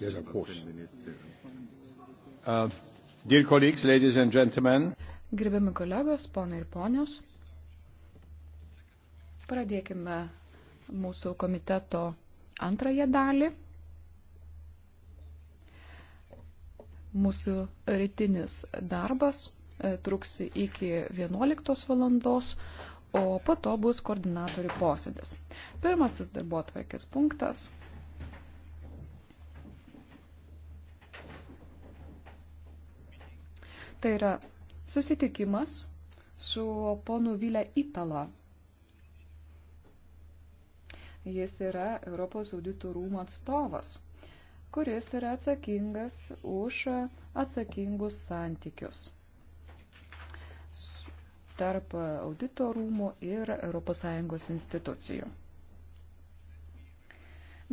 Yes, of course. Uh, dear colleagues, ladies and gentlemen. Gerbiami kolegos, ponai ir ponios, pradėkime mūsų komiteto antrąją dalį. Mūsų rytinis darbas e, truks iki 11 valandos o po to bus koordinatorių posėdis. Pirmasis darbo atvarkės punktas. Tai yra susitikimas su ponu Vilė Itala. Jis yra Europos auditų rūmų atstovas, kuris yra atsakingas už atsakingus santykius tarp audito rūmų ir ES institucijų.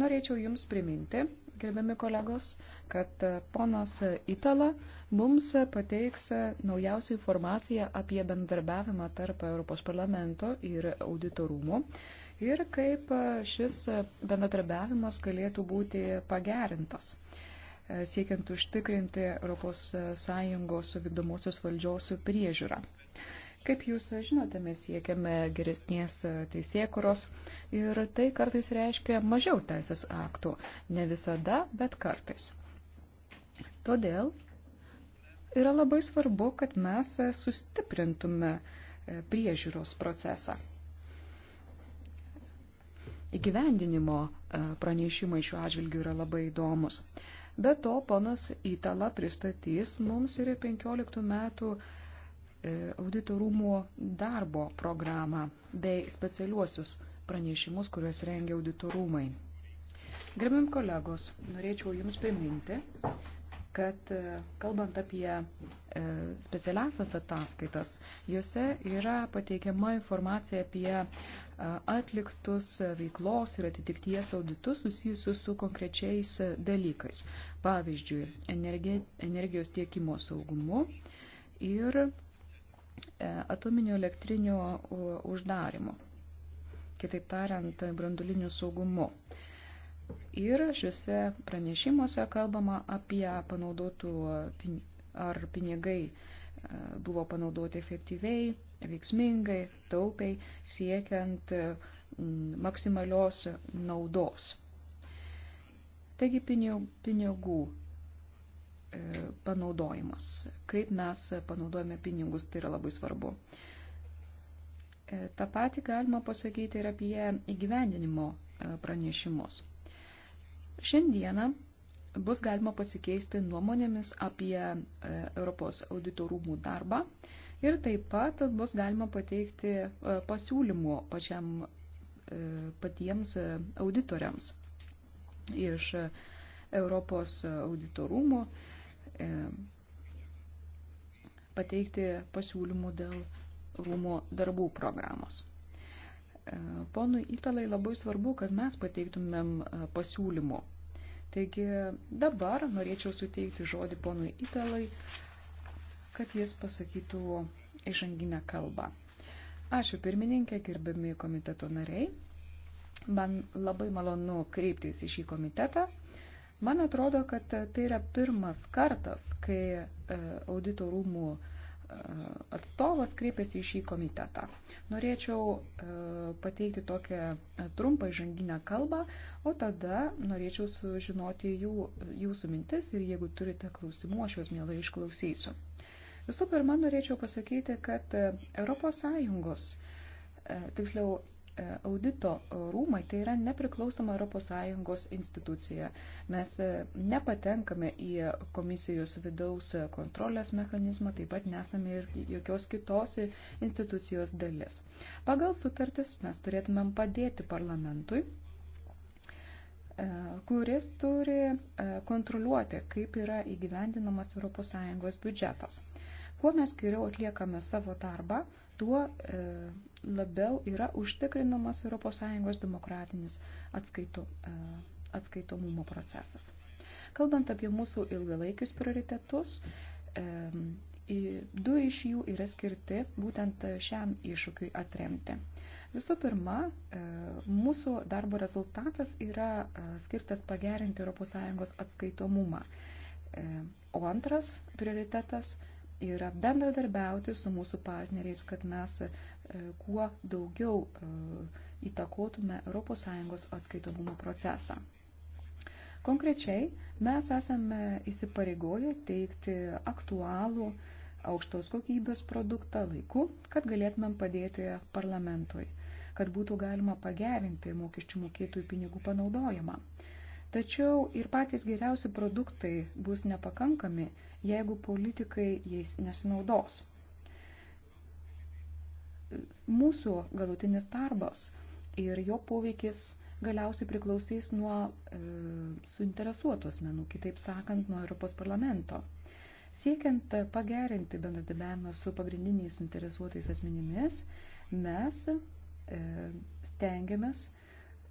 Norėčiau Jums priminti, gerbiami kolegos, kad ponas Itala mums pateiks naujausią informaciją apie bendarbiavimą tarp Europos parlamento ir auditorumų ir kaip šis bendradarbiavimas galėtų būti pagerintas siekiant užtikrinti ES vykdomosios valdžios priežiūrą. Kaip jūs žinote, mes siekiame geresnės teisėkuros ir tai kartais reiškia mažiau teisės aktų. Ne visada, bet kartais. Todėl yra labai svarbu, kad mes sustiprintume priežiūros procesą. Įgyvendinimo e, pranešimai šiuo atžvilgiu yra labai įdomus. Be to, ponas Itala pristatys mums ir 15 metų E, auditorumo darbo programą bei specialiuosius pranešimus, kuriuos rengia auditorumai. Gerbim kolegos, norėčiau Jums priminti, kad e, kalbant apie e, specialiasias ataskaitas, juose yra pateikiama informacija apie atliktus veiklos ir atitikties auditus susijusius su konkrečiais dalykais. Pavyzdžiui, energijos tiekimo saugumu ir E, atominių elektrinių uždarimu, kitaip tariant, branduliniu saugumu. Ir šiuose pranešimuose kalbama apie panaudotų ar pinigai e, buvo panaudoti efektyviai, veiksmingai, taupiai, siekiant maksimalios naudos. Taigi pinigų E, panaudojimas, kaip mes panaudojame pinigus, tai yra labai svarbu. E, Ta pati galima pasakyti ir apie įgyvendinimo e, pranešimus. Šiandieną bus galima pasikeisti nuomonėmis apie Europos auditorumų darbą ir taip pat bus galima pateikti pasiūlymų pačiam patiems auditoriams iš Europos auditorumų. rūmų E, pateikti pasiūlymų dėl rūmų darbų programos. E, ponui Italai labai svarbu, kad mes pateiktumėm e, pasiūlymų. Taigi dabar norėčiau suteikti žodį ponui Italai, kad jis pasakytų išanginę kalbą. Ačiū pirmininkė, gerbiami komiteto nariai. Man labai malonu kreiptis į šį komitetą Man atrodo, kad tai yra pirmas kartas, kai e, audito rūmų e, atstovas kreipėsi į šį komitetą. Norėčiau e, pateikti tokią trumpą žanginę kalbą, o tada norėčiau sužinoti jų, jūsų mintis ir jeigu turite klausimų, aš juos mielai išklausysiu. Visų pirma, norėčiau pasakyti, kad ES, tiksliau Audito rūmai tai yra nepriklausoma ES institucija. Mes e, nepatenkame į komisijos vidaus kontrolės mechanizmą, taip pat nesame ir jokios kitos institucijos dalis. Pagal sutartis mes turėtumėm padėti parlamentui e, kuris turi e, kontroliuoti, kaip yra įgyvendinamas ES biudžetas. Kuo mes geriau atliekame savo darbą, tuo e, labiau yra užtikrinamas ES demokratinis atskaito, e, atskaitomumo procesas. Kalbant apie mūsų ilgalaikius prioritetus, e, du iš jų yra skirti būtent šiam iššūkiui atremti. Visų pirma, e, mūsų darbo rezultatas yra e, skirtas pagerinti ES atskaitomumą. E, o antras prioritetas yra bendradarbiauti su mūsų partneriais, kad mes e, kuo daugiau e, įtakotume ES atskaitomumo procesą. Konkrečiai mes esame įsipareigoję teikti aktualų aukštos kokybės produktą laiku, kad galėtumėm padėti parlamentui, kad būtų galima pagerinti mokesčių mokėtojų pinigų panaudojimą. Tačiau ir patys geriausi produktai bus nepakankami, jeigu politikai jais nesinaudos. Mūsų galutinis darbas ir jo poveikis galiausiai priklausys nuo e, suinteresuotų asmenų, kitaip sakant, nuo Europos parlamento. Siekiant pagerinti bendradarbiavimą su pagrindiniais suinteresuotais asmenimis, mes e, stengiamės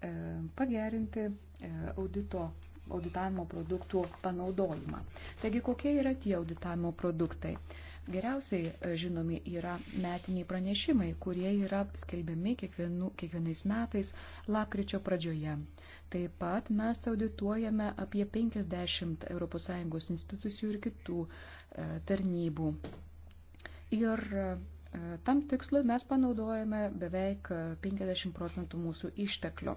E, pagerinti e, audito auditavimo produktų panaudojimą. Taigi, kokie yra tie auditavimo produktai? Geriausiai e, žinomi yra metiniai pranešimai, kurie yra skelbiami kiekvienu, kiekvienais metais lapkričio pradžioje. Taip pat mes audituojame apie 50 ES institucijų ir kitų e, tarnybų. Ir Tam tikslui mes panaudojame beveik 50 procentų mūsų išteklių.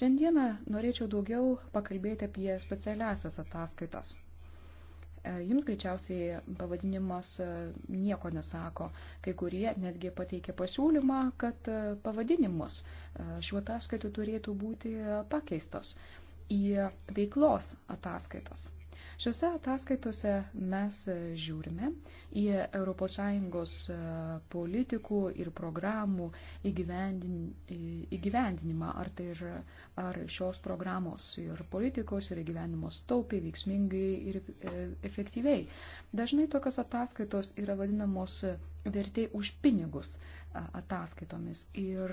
Šiandieną norėčiau daugiau pakalbėti apie specialiasias ataskaitas. E, jums greičiausiai pavadinimas e, nieko nesako. Kai kurie netgi pateikė pasiūlymą, kad e, pavadinimus šiuo ataskaitų turėtų būti pakeistos į veiklos ataskaitas. Šiuose ataskaitose mes žiūrime į ES e, politikų ir programų įgyvendinimą, ar, tai yra, ar šios programos ir politikos ir įgyvendinimos taupiai, veiksmingai ir e, efektyviai. Dažnai tokios ataskaitos yra vadinamos vertė už pinigus e, ataskaitomis ir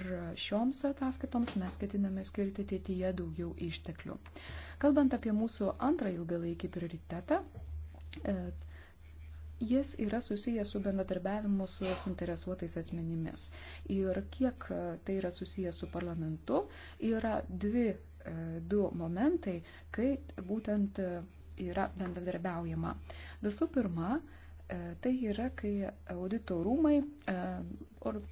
šioms ataskaitoms mes ketiname skirti ateityje daugiau išteklių. Kalbant apie mūsų antrąjį ilgalaikį prioritetą, e, jis yra susijęs su bendradarbiavimu su suinteresuotais asmenimis. Ir kiek e, tai yra susijęs su parlamentu, yra dvi, e, du momentai, kai būtent yra bendradarbiaujama. Visų pirma, tai yra, kai audito rūmai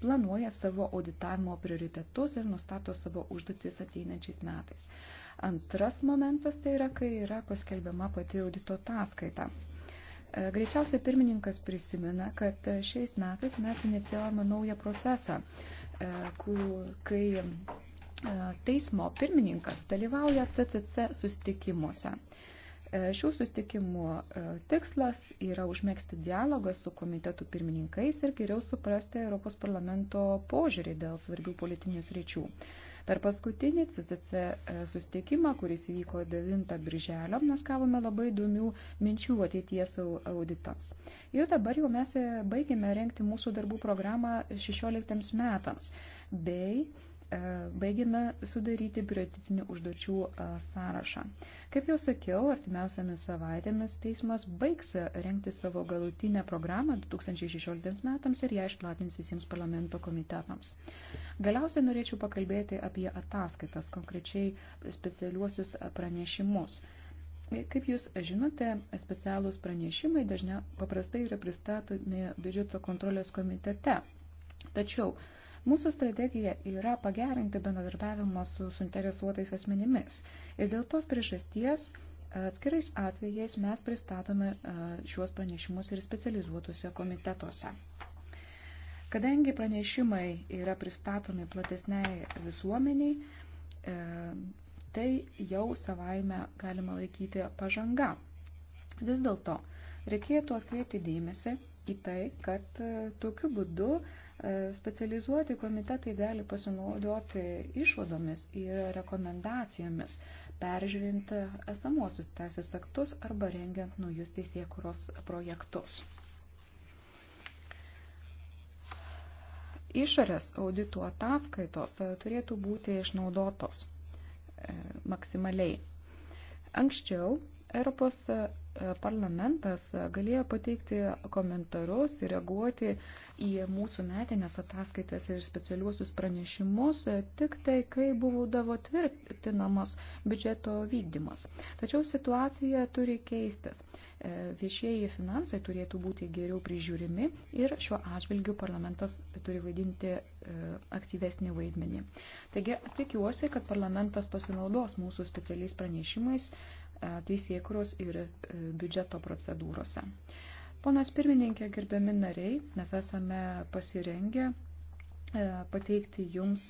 planuoja savo auditavimo prioritetus ir nustato savo užduotis ateinančiais metais. Antras momentas tai yra, kai yra paskelbiama pati audito ataskaita. E, greičiausiai pirmininkas prisimena, kad šiais metais mes inicijavome naują procesą, e, kai e, teismo pirmininkas dalyvauja CCC sustikimuose. Šių sustikimų tikslas yra užmėgsti dialogą su komitetų pirmininkais ir geriau suprasti Europos parlamento požiūrį dėl svarbių politinių sričių. Per paskutinį CCC e, sustikimą, kuris vyko 9 birželio, mes gavome labai įdomių minčių ateities auditams. Ir dabar jau mes e, baigėme renkti mūsų darbų programą 16 metams. Bei E, baigėme sudaryti prioritetinių užduočių e, sąrašą. Kaip jau sakiau, artimiausiamis savaitėmis teismas baigs renkti savo galutinę programą 2016 metams ir ją išplatins visiems parlamento komitetams. Galiausiai norėčiau pakalbėti apie ataskaitas, konkrečiai specialiuosius pranešimus. E, kaip Jūs žinote, specialūs pranešimai dažnia paprastai yra pristatomi biudžeto kontrolės komitete. Tačiau Mūsų strategija yra pagerinti bendradarbiavimą su suinteresuotais asmenimis ir dėl tos priežasties atskirais atvejais mes pristatome šiuos pranešimus ir specializuotuose komitetuose. Kadangi pranešimai yra pristatomi platesniai visuomeniai, tai jau savaime galima laikyti pažanga. Vis dėlto reikėtų atkreipti dėmesį į tai, kad tokiu būdu E, specializuoti komitetai gali pasinaudoti išvadomis ir rekomendacijomis, peržiūrint esamuosius teisės aktus arba rengiant naujus teisėkuros projektus. Išorės audito ataskaitos e, turėtų būti išnaudotos e, maksimaliai. Anksčiau Europos e, parlamentas e, galėjo pateikti komentarus ir reaguoti į mūsų metinės ataskaitas ir specialiuosius pranešimus e, tik tai, kai būdavo tvirtinamas biudžeto vykdymas. Tačiau situacija turi keistis. Viešieji finansai turėtų būti geriau prižiūrimi ir šiuo atžvilgiu parlamentas turi vaidinti aktyvesnį vaidmenį. Taigi tikiuosi, kad parlamentas pasinaudos mūsų specialiais pranešimais E, teisėkuros ir e, biudžeto procedūrose. Ponas pirmininkė, gerbiami nariai, mes esame pasirengę e, pateikti jums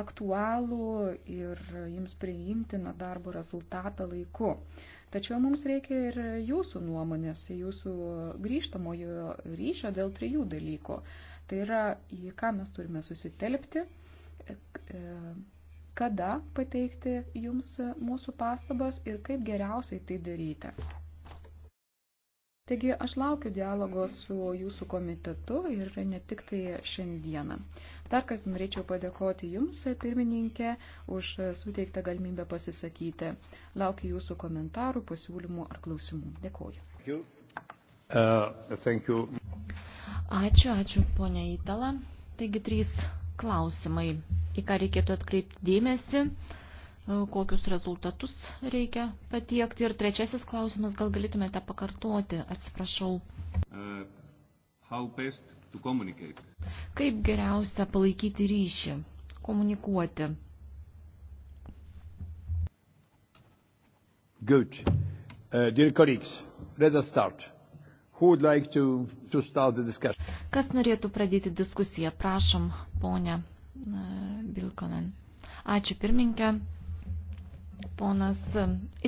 aktualų ir jums priimtiną darbo rezultatą laiku. Tačiau mums reikia ir jūsų nuomonės, jūsų grįžtamojo ryšio dėl trijų dalykų. Tai yra, į ką mes turime susitelpti, kada pateikti jums mūsų pastabas ir kaip geriausiai tai daryti. Taigi aš laukiu dialogo su jūsų komitetu ir ne tik tai šiandieną. Dar kartą norėčiau padėkoti Jums, pirmininkė, už suteiktą galimybę pasisakyti. Laukiu Jūsų komentarų, pasiūlymų ar klausimų. Dėkoju. Uh, ačiū, ačiū, ponia Itala. Taigi trys klausimai į ką reikėtų atkreipti dėmesį, e, kokius rezultatus reikia patiekti. Ir trečiasis klausimas, gal galėtumėte pakartoti, atsiprašau. Uh, Kaip geriausia palaikyti ryšį, komunikuoti? Good. Uh, dear colleagues, let us start. Who would like to, to start the discussion? Kas norėtų pradėti diskusiją? Prašom, ponia Bilkonen. Ačiū pirminkė. Ponas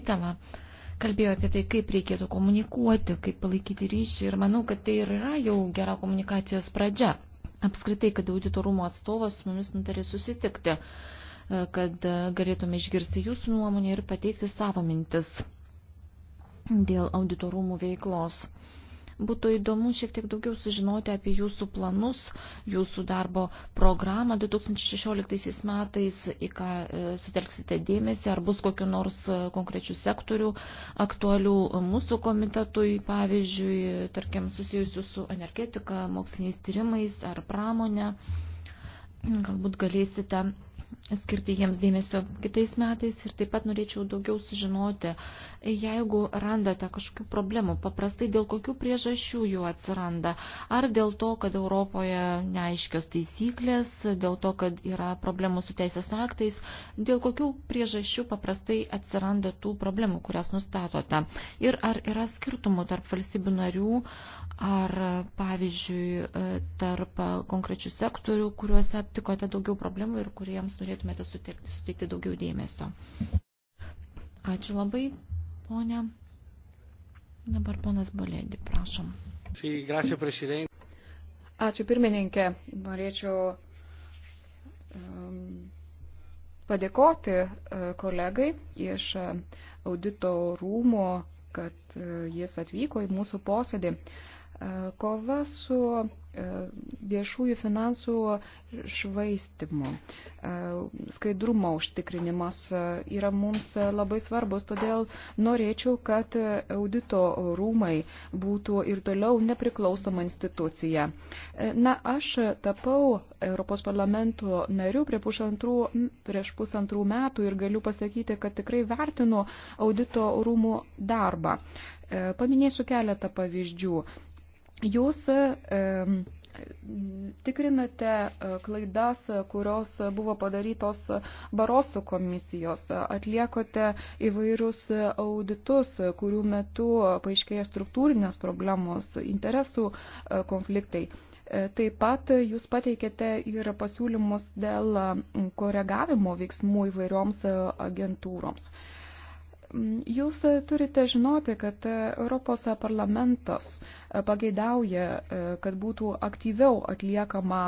Itala kalbėjo apie tai, kaip reikėtų komunikuoti, kaip palaikyti ryšį ir manau, kad tai ir yra jau gera komunikacijos pradžia. Apskritai, kad auditorumo atstovas su mumis nutarė susitikti, kad galėtume išgirsti jūsų nuomonę ir pateikti savo mintis dėl auditorumų veiklos. Būtų įdomu šiek tiek daugiau sužinoti apie jūsų planus, jūsų darbo programą 2016 metais, į ką e, sutelksite dėmesį, ar bus kokiu nors e, konkrečių sektorių aktualių mūsų komitetui, pavyzdžiui, tarkim, susijusių su energetika, moksliniais tyrimais ar pramonė. Galbūt galėsite skirti jiems dėmesio kitais metais ir taip pat norėčiau daugiau sužinoti, jeigu randate kažkokių problemų, paprastai dėl kokių priežasčių jų atsiranda, ar dėl to, kad Europoje neaiškios taisyklės, dėl to, kad yra problemų su teisės aktais, dėl kokių priežasčių paprastai atsiranda tų problemų, kurias nustatote ir ar yra skirtumų tarp valstybių narių, ar pavyzdžiui tarp konkrečių sektorių, kuriuose aptikote daugiau problemų ir kuriems kuriems norėtumėte suteikti daugiau dėmesio. Ačiū labai, ponė. Dabar ponas Bolėdi, prašom. Ačiū pirmininkė. Norėčiau um, padėkoti uh, kolegai iš uh, audito rūmo, kad uh, jis atvyko į mūsų posėdį. Uh, Kova su e, viešųjų finansų švaistimu, e, skaidrumo užtikrinimas e, yra mums labai svarbus, todėl norėčiau, kad audito rūmai būtų ir toliau nepriklausoma institucija. Na, aš tapau Europos parlamento nariu prie pusantrų, prieš pusantrų metų ir galiu pasakyti, kad tikrai vertinu audito rūmų darbą. Paminėsiu keletą pavyzdžių. Jūs tikrinate e, klaidas, kurios buvo padarytos Barosų komisijos, atliekote įvairius auditus, kurių metu paaiškėja struktūrinės problemos, interesų e, konfliktai. E, taip pat jūs pateikėte ir pasiūlymus dėl koregavimo veiksmų įvairioms agentūroms. Jūs turite žinoti, kad Europos parlamentas pageidauja, kad būtų aktyviau atliekama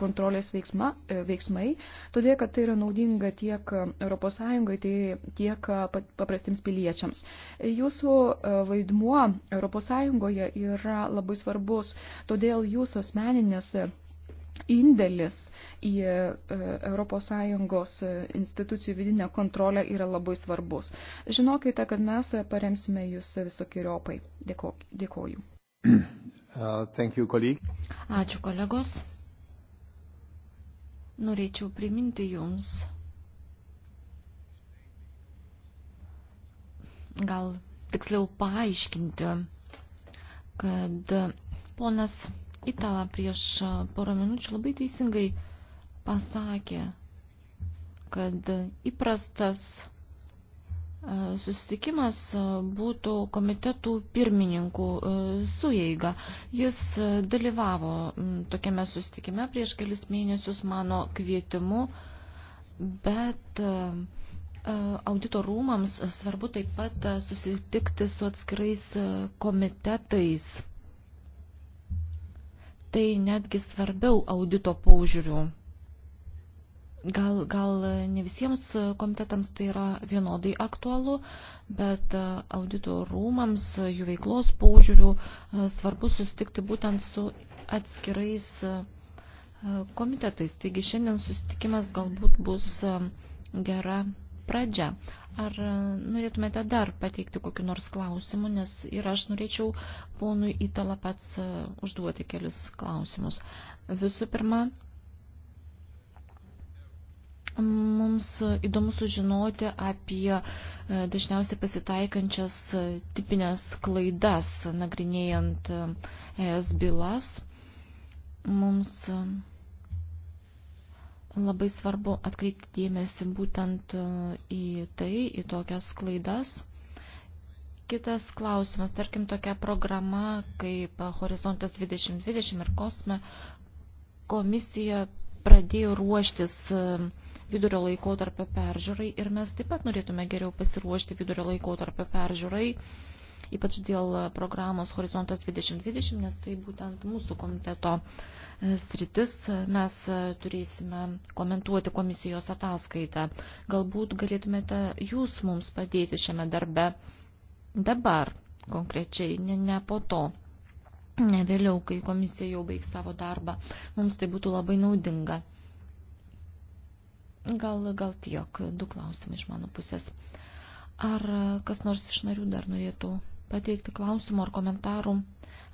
kontrolės veiksma, veiksmai, todėl kad tai yra naudinga tiek ES, tai tiek paprastiems piliečiams. Jūsų vaidmuo ES yra labai svarbus, todėl jūsų asmeninės indėlis į ES institucijų vidinę kontrolę yra labai svarbus. Žinokite, kad mes paremsime jūs visokiriopai. Dėkoju. Uh, thank you, colleague. Ačiū, kolegos. Norėčiau priminti jums, gal tiksliau paaiškinti, kad ponas Itala prieš porą minučių labai teisingai pasakė, kad įprastas susitikimas būtų komitetų pirmininkų sueiga. Jis dalyvavo tokiame susitikime prieš kelis mėnesius mano kvietimu, bet audito rūmams svarbu taip pat susitikti su atskirais komitetais tai netgi svarbiau audito paužiūrių. Gal, gal ne visiems komitetams tai yra vienodai aktualu, bet audito rūmams, jų veiklos paužiūrių svarbu susitikti būtent su atskirais komitetais. Taigi šiandien susitikimas galbūt bus gera pradžia. Ar norėtumėte dar pateikti kokiu nors klausimu, nes ir aš norėčiau ponui Itala pats e, užduoti kelis klausimus. Visų pirma, mums įdomu sužinoti apie e, dažniausiai pasitaikančias e, tipinės klaidas nagrinėjant ES bylas. Mums Labai svarbu atkreipti dėmesį būtent e, į tai, į tokias klaidas. Kitas klausimas, tarkim, tokia programa kaip Horizontas 2020 ir Kosme komisija pradėjo ruoštis e, vidurio laiko tarp peržiūrai ir mes taip pat norėtume geriau pasiruošti vidurio laiko tarp peržiūrai. Uh, ypač dėl programos Horizontas 2020, nes tai būtent mūsų komiteto e, sritis. Mes e, turėsime komentuoti komisijos ataskaitą. Galbūt galėtumėte jūs mums padėti šiame darbe dabar konkrečiai, ne, ne po to ne vėliau, kai komisija jau baigs savo darbą. Mums tai būtų labai naudinga. Gal, gal tiek, du klausimai iš mano pusės. Ar e, kas nors iš narių dar norėtų pateikti klausimų ar komentarų?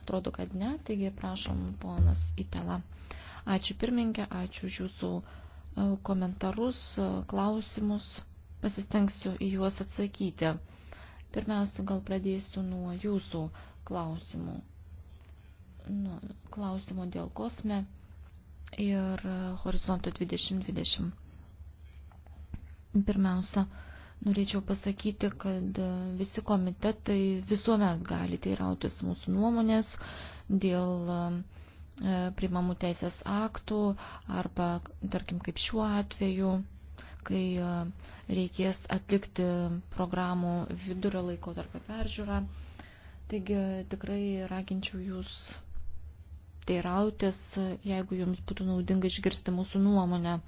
Atrodo, kad ne, taigi prašom ponas Itela. Ačiū pirmininkė, ačiū už jūsų e, komentarus, e, klausimus. Pasistengsiu į juos atsakyti. Pirmiausia, gal pradėsiu nuo jūsų klausimų. Nu, klausimo dėl kosme ir e, horizonto 2020. Pirmiausia, Norėčiau pasakyti, kad visi komitetai visuomet gali teirautis mūsų nuomonės dėl e, primamų teisės aktų arba, tarkim, kaip šiuo atveju, kai e, reikės atlikti programų vidurio laiko tarp peržiūrą. Taigi tikrai raginčiau jūs teirautis, jeigu jums būtų naudinga išgirsti mūsų nuomonę.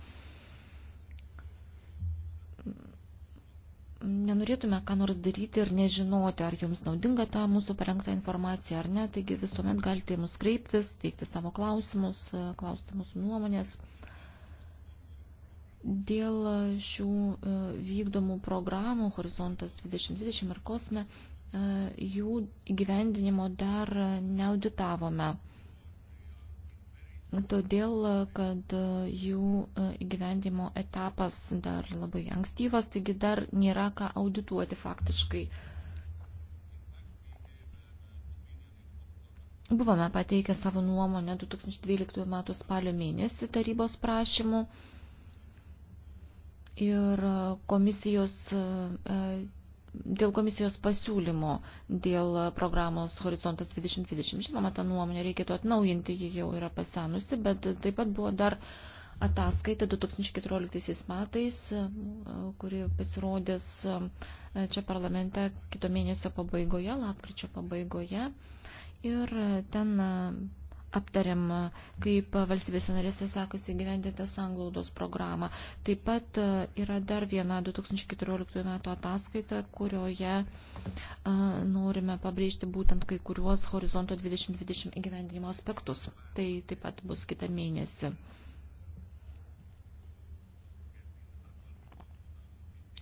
nenorėtume ką nors daryti ir nežinoti, ar jums naudinga ta mūsų parengta informacija ar ne, taigi visuomet galite mus kreiptis, teikti savo klausimus, klausti mūsų nuomonės. Dėl šių e, vykdomų programų Horizontas 2020 ir Kosme e, jų įgyvendinimo dar neauditavome todėl kad e, jų e, įgyvendimo etapas dar labai ankstyvas, taigi dar nėra ką audituoti faktiškai. Buvome pateikę savo nuomonę 2012 m. spalio mėnesį tarybos prašymu ir e, komisijos dėl komisijos pasiūlymo, dėl programos Horizontas 2020. Žinoma, tą nuomonę reikėtų atnaujinti, ji jau yra pasenusi, bet taip pat buvo dar ataskaita 2014 metais, kuri pasirodės e, čia parlamente kito mėnesio pabaigoje, lapkričio pabaigoje. Ir ten aptariam, kaip valstybės narėse sekasi gyvendinti sanglaudos programą. Taip pat e, yra dar viena 2014 metų ataskaita, kurioje e, norime pabrėžti būtent kai kuriuos horizonto 2020 įgyvendinimo aspektus. Tai taip pat bus kitą mėnesį.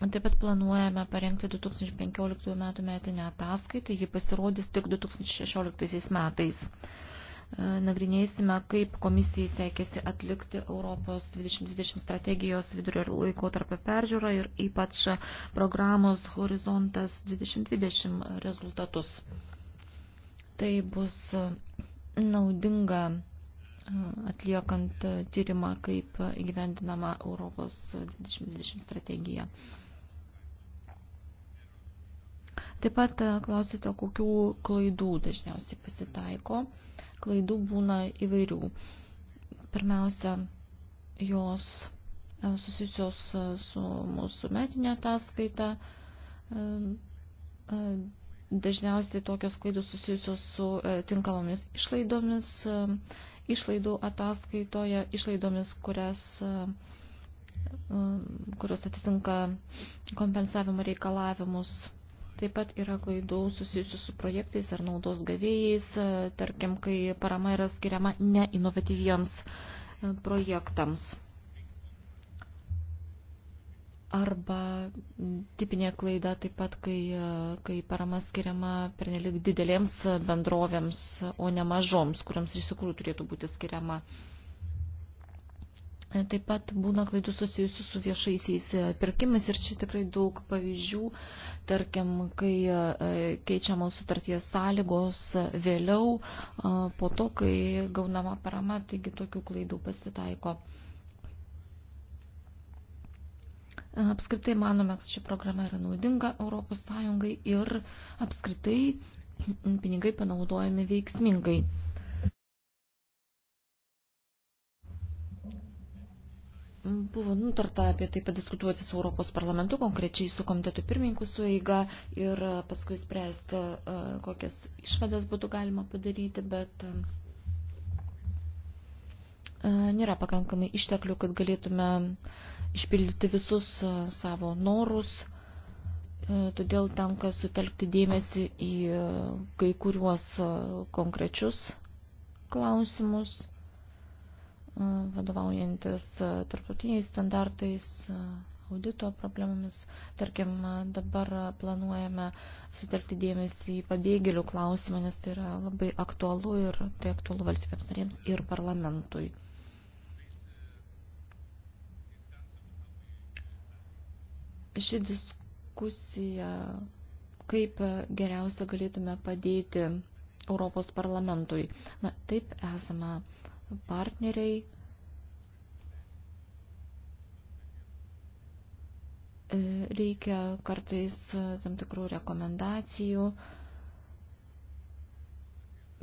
Taip pat planuojame parengti 2015 metų metinę ataskaitą, ji pasirodys tik 2016 metais. E, nagrinėsime, kaip komisijai sekėsi atlikti Europos 2020 strategijos vidurio laiko tarp peržiūrą ir ypač programos Horizontas 2020 rezultatus. Tai bus naudinga e, atliekant tyrimą, kaip įgyvendinama Europos 2020 strategija. Taip pat e, klausite, kokių klaidų dažniausiai pasitaiko klaidų būna įvairių. Pirmiausia, jos e, susijusios e, su mūsų metinė ataskaita. E, dažniausiai tokios klaidos susijusios su tinkamomis išlaidomis, išlaidų ataskaitoje, išlaidomis, kurias kurios atitinka kompensavimo reikalavimus Taip pat yra klaidų susijusių su projektais ar naudos gavėjais, e, tarkim, kai parama yra skiriama neinovatyviems e, projektams. Arba tipinė klaida taip pat, kai, e, kai parama skiriama pernelik didelėms bendrovėms, o ne mažoms, kuriams iš tikrųjų turėtų būti skiriama. Uh, E, taip pat būna klaidų susijusių su viešaisiais e, pirkimais ir čia tikrai daug pavyzdžių, tarkim, kai e, keičiamos sutarties sąlygos vėliau, po to, kai gaunama parama, taigi tokių klaidų pasitaiko. Apskritai manome, kad ši programa yra naudinga Europos Sąjungai ir apskritai pinigai panaudojami veiksmingai. Buvo nutarta apie tai padiskutuoti su Europos parlamentu, konkrečiai su komitetų pirmininku sueiga ir e, paskui spręsti, e, kokias išvadas būtų galima padaryti, bet e, nėra pakankamai išteklių, kad galėtume išpildyti visus savo norus, todėl tenka sutelkti dėmesį į kai kuriuos konkrečius klausimus vadovaujantis e, tarptautiniais standartais, e, audito problemomis. Tarkim, e, dabar planuojame sutelkti dėmesį į pabėgėlių klausimą, nes tai yra labai aktualu ir tai aktualu valstybėms narėms ir parlamentui. Ši diskusija, kaip geriausia galėtume padėti Europos parlamentui. Na, taip esame partneriai e, reikia kartais e, tam tikrų rekomendacijų,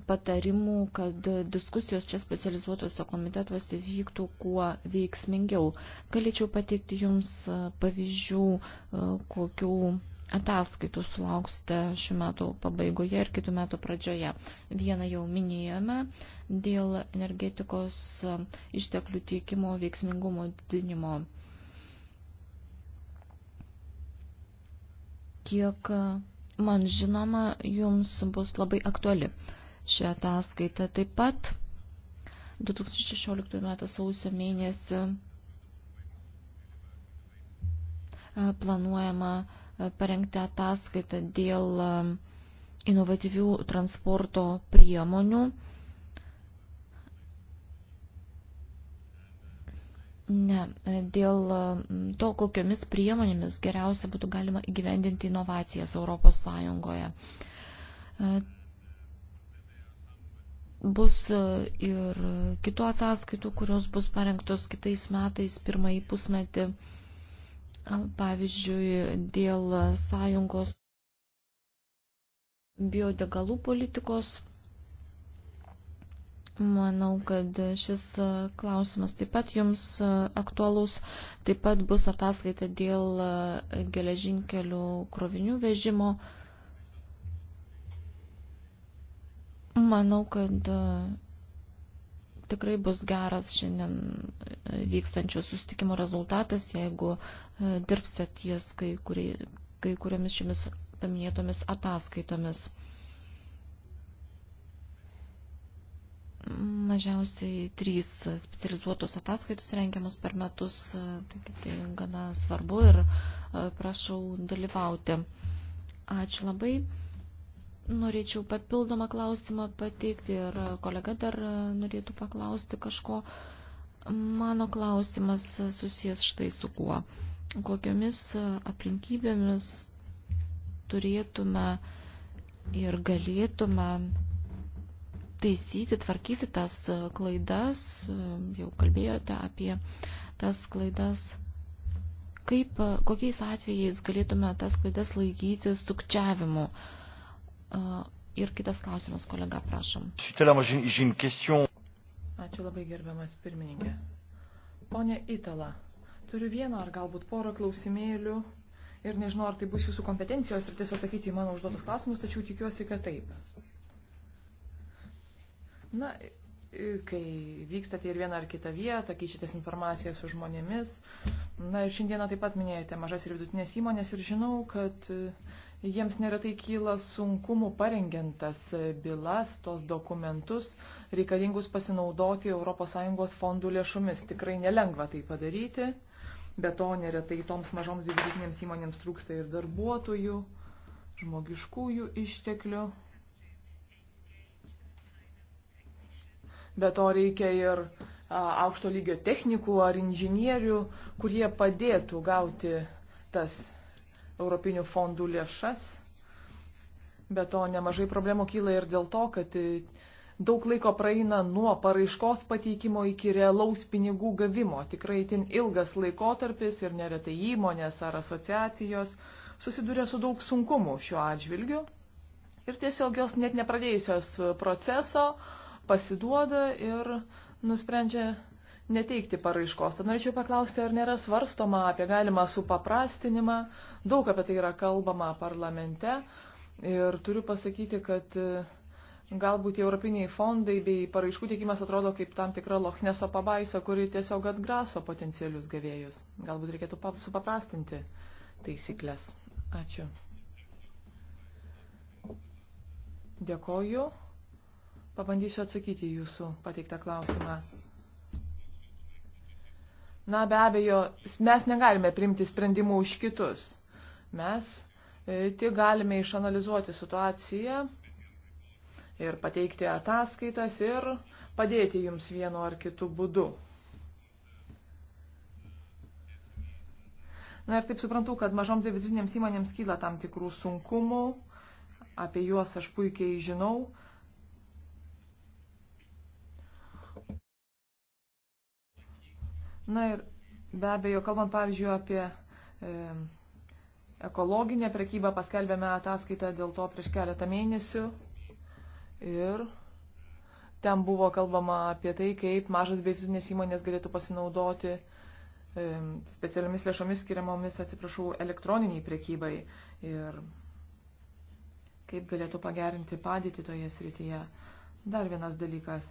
patarimų, kad diskusijos čia specializuotuose komitetuose vyktų kuo veiksmingiau. Galėčiau pateikti Jums e, pavyzdžių, kokių ataskaitų sulauksite šių metų pabaigoje ir kitų metų pradžioje. Vieną jau minėjome dėl energetikos išteklių tiekimo veiksmingumo didinimo. Kiek man žinoma, jums bus labai aktuali ši ataskaita. Taip pat 2016 m. sausio mėnesį e, planuojama parengti ataskaitą dėl um, inovatyvių transporto priemonių. Ne, dėl um, to, kokiomis priemonėmis geriausia būtų galima įgyvendinti inovacijas Europos Sąjungoje. E, bus e, ir kitų ataskaitų, kurios bus parengtos kitais metais, pirmąjį pusmetį pavyzdžiui, dėl sąjungos biodegalų politikos. Manau, kad šis klausimas taip pat jums aktualus. Taip pat bus ataskaita dėl geležinkelių krovinių vežimo. Manau, kad tikrai bus geras šiandien e, vykstančio sustikimo rezultatas, jeigu e, dirbsit jas kai, kuri, kai kuriomis šiomis paminėtomis ataskaitomis. Mažiausiai trys specializuotos ataskaitos rengiamus per metus, e, taigi tai gana svarbu ir prašau dalyvauti. Ačiū labai. Norėčiau papildomą klausimą pateikti ir kolega dar norėtų paklausti kažko. Mano klausimas susijęs štai su kuo. Kokiomis aplinkybėmis turėtume ir galėtume taisyti, tvarkyti tas klaidas, jau kalbėjote apie tas klaidas, kaip, kokiais atvejais galėtume tas klaidas laikyti sukčiavimu. Uh, Ir kitas klausimas, kolega, prašom. Ačiū labai gerbiamas pirmininkė. Pone Itala, turiu vieną ar galbūt porą klausimėlių ir nežinau, ar tai bus jūsų kompetencijos ir tiesiog atsakyti į mano užduotus klausimus, tačiau tikiuosi, kad taip. Na, kai vykstate ir vieną ar kitą vietą, keičiatės informaciją su žmonėmis. Na ir šiandieną taip pat minėjote mažas ir vidutinės įmonės ir žinau, kad Jiems neretai kyla sunkumų parengiantas bylas, tos dokumentus, reikalingus pasinaudoti ES fondų lėšomis. Tikrai nelengva tai padaryti, bet to neretai toms mažoms bei vidutinėms įmonėms trūksta ir darbuotojų, žmogiškųjų išteklių. Bet to reikia ir aukšto lygio technikų ar inžinierių, kurie padėtų gauti tas europinių fondų lėšas. Be to nemažai problemų kyla ir dėl to, kad e, daug laiko praeina nuo paraiškos pateikimo iki realaus pinigų gavimo. Tikrai itin ilgas laikotarpis ir neretai įmonės ar asociacijos susiduria su daug sunkumų šiuo atžvilgiu. Ir tiesiog jos net nepradėjusios proceso pasiduoda ir nusprendžia neteikti paraiškos. Tad norėčiau paklausti, ar nėra svarstoma apie galimą supaprastinimą. Daug apie tai yra kalbama parlamente. Ir turiu pasakyti, kad e, galbūt tie europiniai fondai bei paraiškų teikimas atrodo kaip tam tikra lochneso pabaisa, kuri tiesiog atgraso potencialius gavėjus. Galbūt reikėtų supaprastinti taisyklės. Ačiū. Dėkoju. Pabandysiu atsakyti jūsų pateiktą klausimą. Na, be abejo, mes negalime primti sprendimų už kitus. Mes e, tik galime išanalizuoti situaciją ir pateikti ataskaitas ir padėti jums vienu ar kitu būdu. Na ir taip suprantu, kad mažom bei tai vidutinėms įmonėms kyla tam tikrų sunkumų, apie juos aš puikiai žinau, Na ir be abejo, kalbant pavyzdžiui apie e, ekologinę prekybą, paskelbėme ataskaitą dėl to prieš keletą mėnesių ir ten buvo kalbama apie tai, kaip mažas bei vidutinės įmonės galėtų pasinaudoti e, specialiomis lėšomis skiriamomis, atsiprašau, elektroniniai prekybai ir kaip galėtų pagerinti padėtį toje srityje. Dar vienas dalykas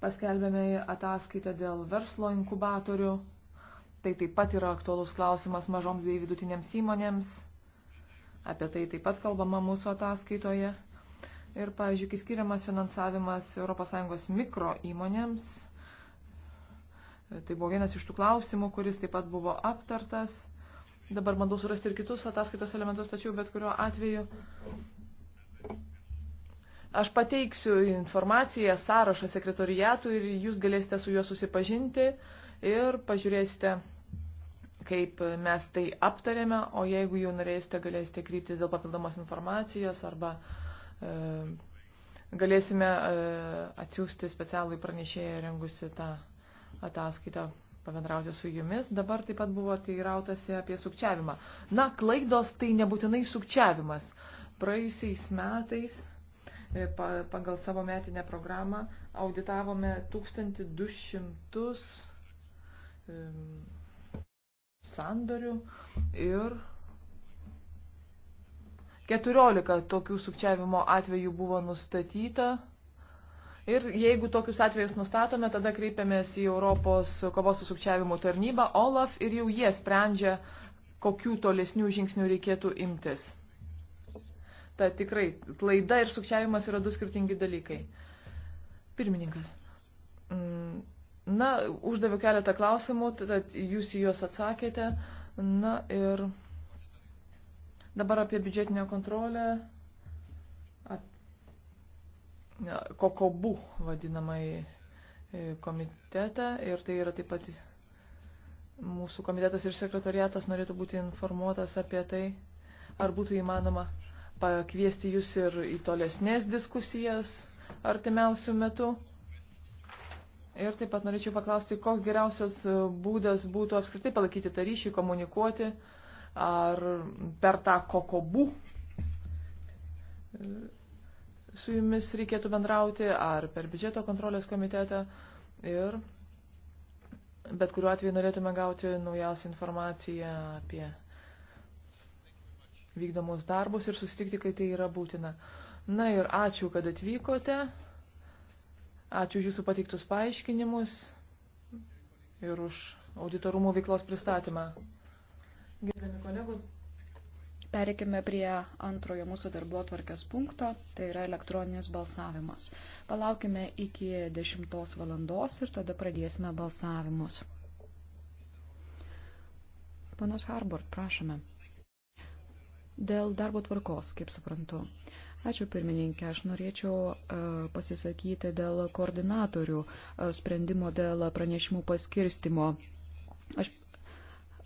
paskelbėme ataskaitą dėl verslo inkubatorių. Tai taip pat yra aktuolus klausimas mažoms bei vidutinėms įmonėms. Apie tai taip pat kalbama mūsų ataskaitoje. Ir, pavyzdžiui, kai skiriamas finansavimas ES mikro įmonėms, tai buvo vienas iš tų klausimų, kuris taip pat buvo aptartas. Dabar bandau surasti ir kitus ataskaitos elementus, tačiau bet kuriuo atveju Aš pateiksiu informaciją, sąrašą sekretoriatų ir jūs galėsite su juo susipažinti ir pažiūrėsite, kaip mes tai aptarėme, o jeigu jau norėsite, galėsite kryptis dėl papildomos informacijos arba e, galėsime e, atsiųsti specialų pranešėją rengusi tą ataskaitą pabendrauti su jumis. Dabar taip pat buvo teirautasi apie sukčiavimą. Na, klaidos tai nebūtinai sukčiavimas. Praėjusiais metais E, pagal savo metinę programą auditavome 1200 sandorių ir 14 tokių sukčiavimo atvejų buvo nustatyta. Ir jeigu tokius atvejus nustatome, tada kreipiamės į Europos kovos su sukčiavimu tarnybą OLAF ir jau jie sprendžia, kokių tolesnių žingsnių reikėtų imtis. Ta tikrai klaida ir sukčiavimas yra du skirtingi dalykai. Pirmininkas. Mm, na, uždaviau keletą klausimų, tad jūs į juos atsakėte. Na ir dabar apie biudžetinę kontrolę, kokobu vadinamai e, komitetą ir tai yra taip pat mūsų komitetas ir sekretariatas norėtų būti informuotas apie tai, ar būtų įmanoma pakviesti jūs ir į tolesnės diskusijas artimiausių metų. Ir taip pat norėčiau paklausti, koks geriausias būdas būtų apskritai palaikyti tą ryšį, komunikuoti, ar per tą kokobų su jumis reikėtų bendrauti, ar per biudžeto kontrolės komitetą. Ir bet kuriuo atveju norėtume gauti naujausią informaciją apie vykdomus darbus ir susitikti, kai tai yra būtina. Na ir ačiū, kad atvykote. Ačiū jūsų pateiktus paaiškinimus ir už auditorumų veiklos pristatymą. Gerbiami kolegos, pereikime prie antrojo mūsų darbo atvarkės punkto, tai yra elektroninis balsavimas. Palaukime iki 10 valandos ir tada pradėsime balsavimus. Panas Harbord, prašome. Dėl darbo tvarkos, kaip suprantu. Ačiū pirmininkė, aš norėčiau e, pasisakyti dėl koordinatorių e, sprendimo dėl pranešimų paskirstimo. Aš,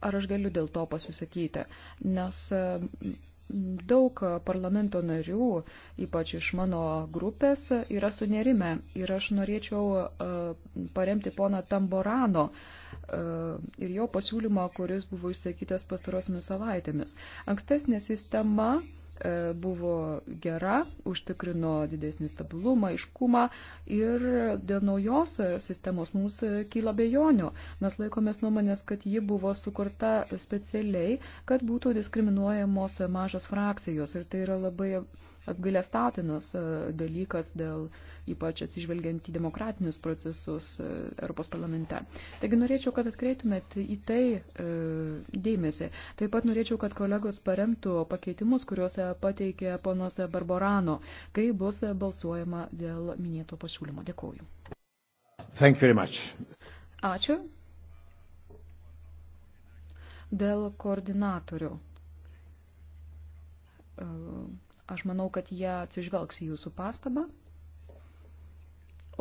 ar aš galiu dėl to pasisakyti? Nes e, Daug parlamento narių, ypač iš mano grupės, yra sunerime ir aš norėčiau e, paremti poną Tamborano e, ir jo pasiūlymą, kuris buvo išsakytas pastarosiamis savaitėmis. Ankstesnė sistema E, buvo gera, užtikrino didesnį stabilumą, iškumą ir dėl naujos sistemos mums kyla bejonių. Mes laikomės nuomonės, kad ji buvo sukurta specialiai, kad būtų diskriminuojamos mažos frakcijos ir tai yra labai apgailestautinas e, dalykas dėl ypač atsižvelgiant į demokratinius procesus e, Europos parlamente. Taigi norėčiau, kad atkreiptumėt į tai e, dėmesį. Taip pat norėčiau, kad kolegos paremtų pakeitimus, kuriuose pateikė ponas Barborano, kai bus balsuojama dėl minėto pasiūlymo. Dėkuoju. Thank you very much. Ačiū. Dėl koordinatorių. Uh Aš manau, kad jie atsižvelgs į jūsų pastabą.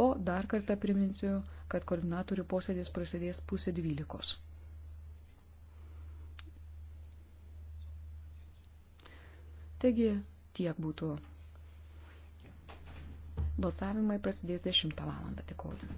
O dar kartą priminsiu, kad koordinatorių posėdės prasidės pusė dvylikos. Taigi tiek būtų. Balsavimai prasidės 10 valandą. Dėkuoju.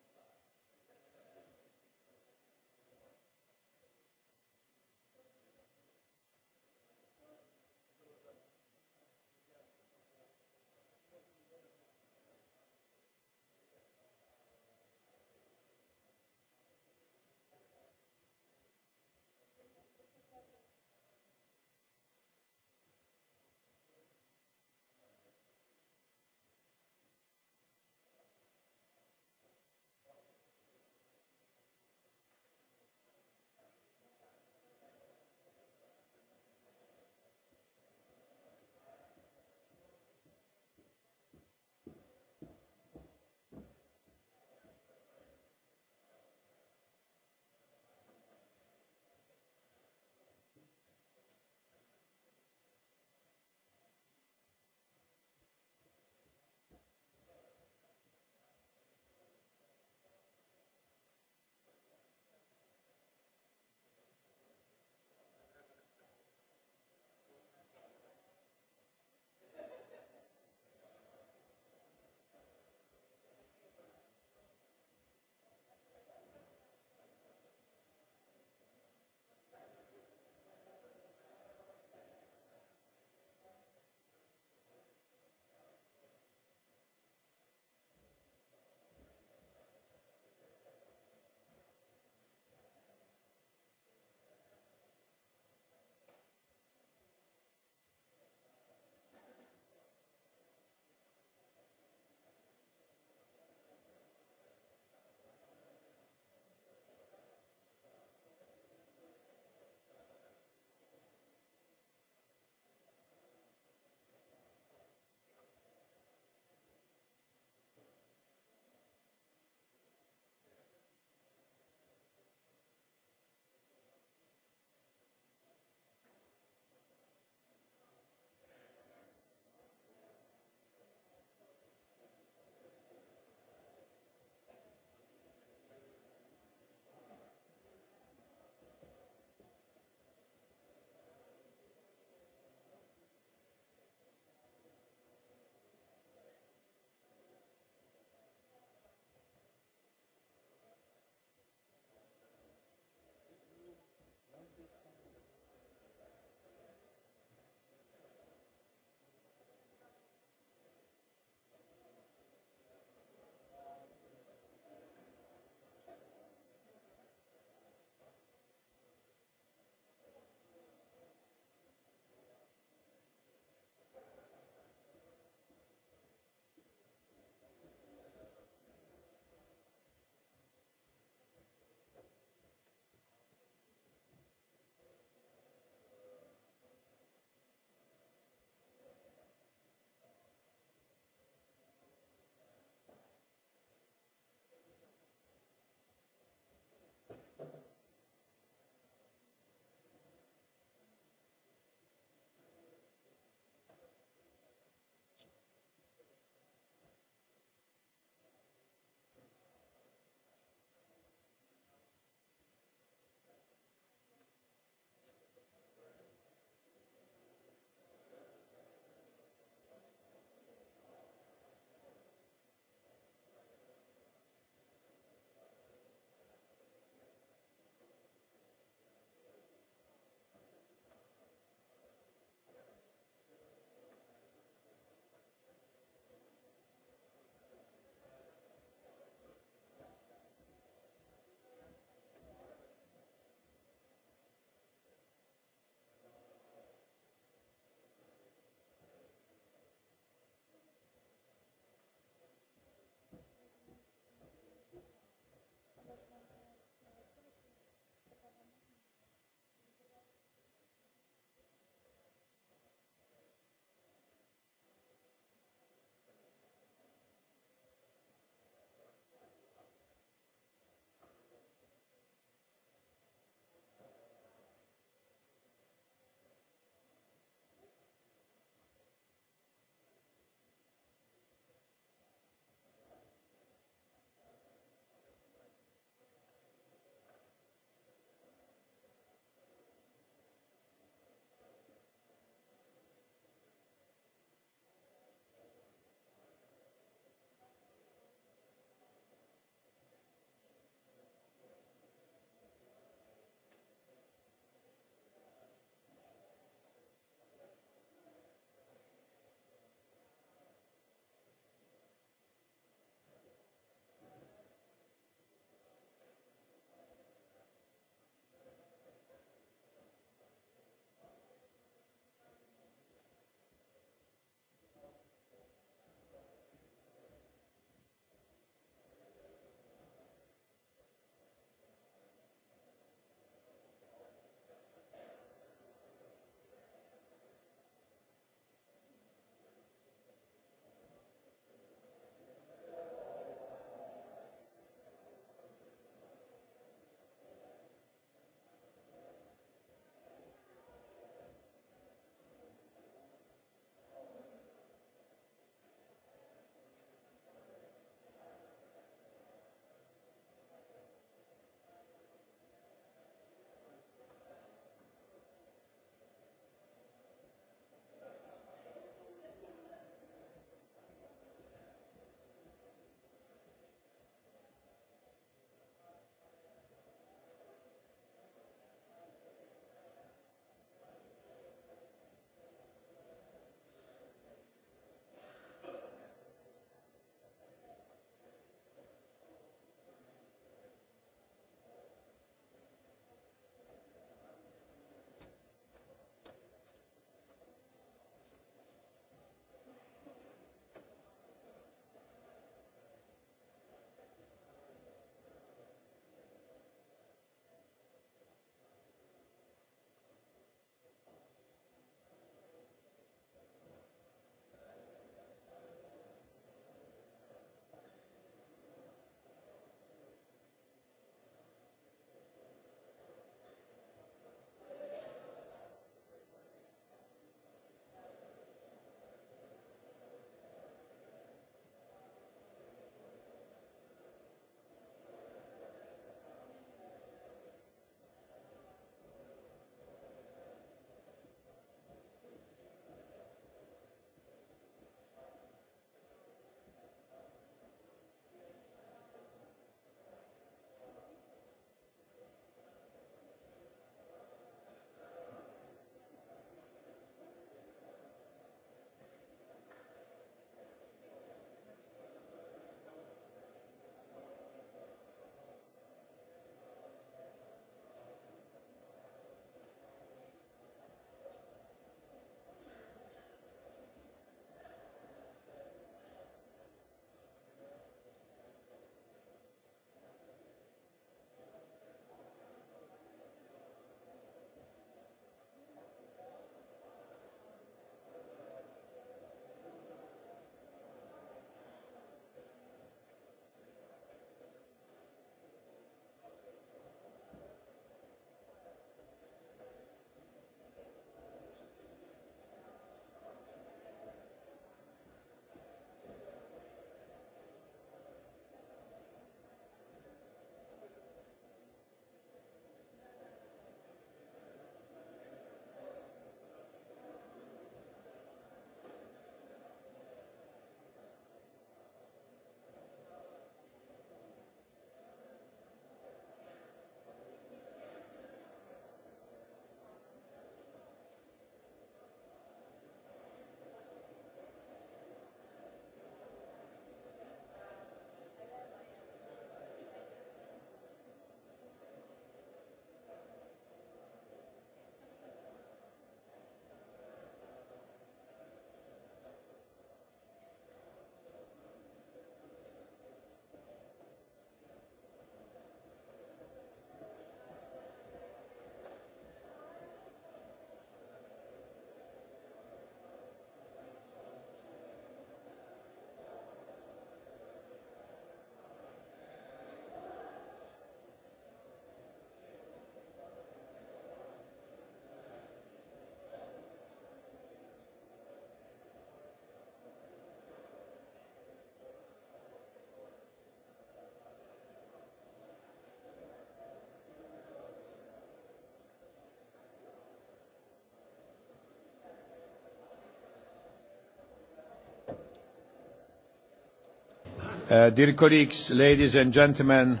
Uh, dear colleagues, ladies and gentlemen.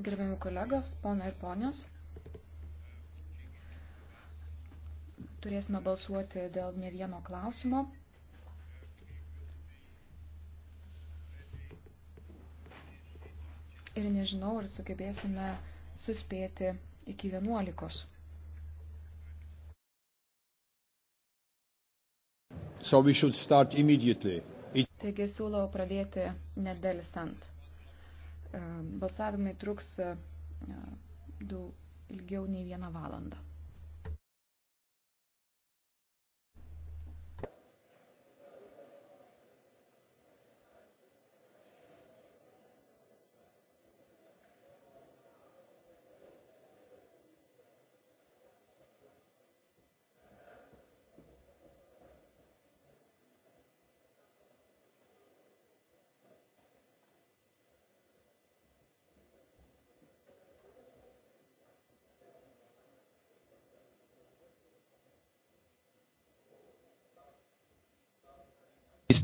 Gerbiami kolegos, ponai ir ponios. Turėsime balsuoti dėl ne vieno klausimo. Ir nežinau, ar sugebėsime suspėti iki 11. So we should start immediately. Taigi siūlau pradėti nedelsant. Ehm, balsavimai truks e, ilgiau nei vieną valandą.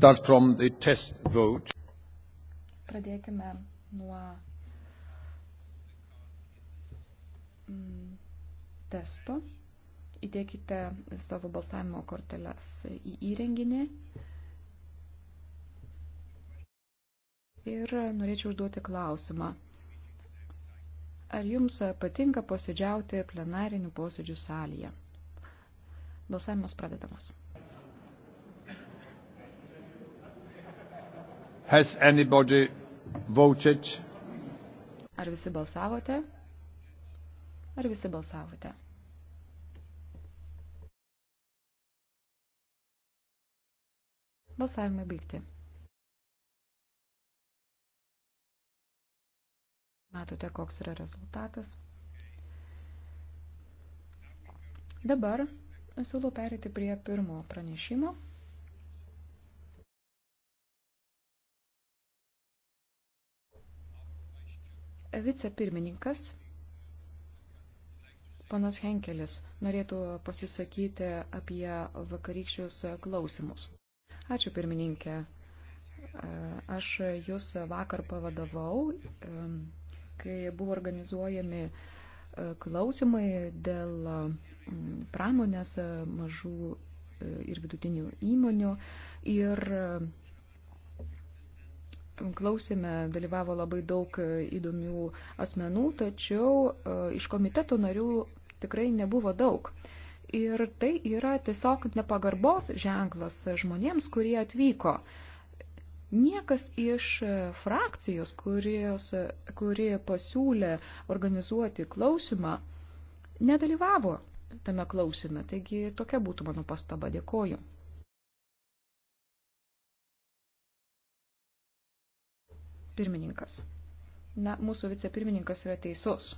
Pradėkime nuo mm, testo. Įdėkite savo balsavimo korteles į įrenginį. Ir norėčiau užduoti klausimą. Ar jums patinka posėdžiauti plenarinių posėdžių salėje? Balsavimas pradedamas. Has anybody voted? Ar visi balsavote? Ar visi balsavote? Balsavimai baigti. Matote, koks yra rezultatas. Dabar siūlau perėti prie pirmo pranešimo. Vicepirmininkas panas Henkelis norėtų pasisakyti apie vakarykščius klausimus. Ačiū pirmininkė. Aš jūs vakar pavadavau, kai buvo organizuojami e, klausimai dėl pramonės e, mažų e, ir vidutinių įmonių ir klausime dalyvavo labai daug e, įdomių asmenų, tačiau e, iš komiteto narių tikrai nebuvo daug. Ir tai yra tiesiog nepagarbos ženklas žmonėms, kurie atvyko. Niekas iš frakcijos, kurios, kuri pasiūlė organizuoti klausimą, nedalyvavo tame klausime. Taigi tokia būtų mano pastaba. Dėkoju. Pirmininkas. Na, mūsų vicepirmininkas yra teisus.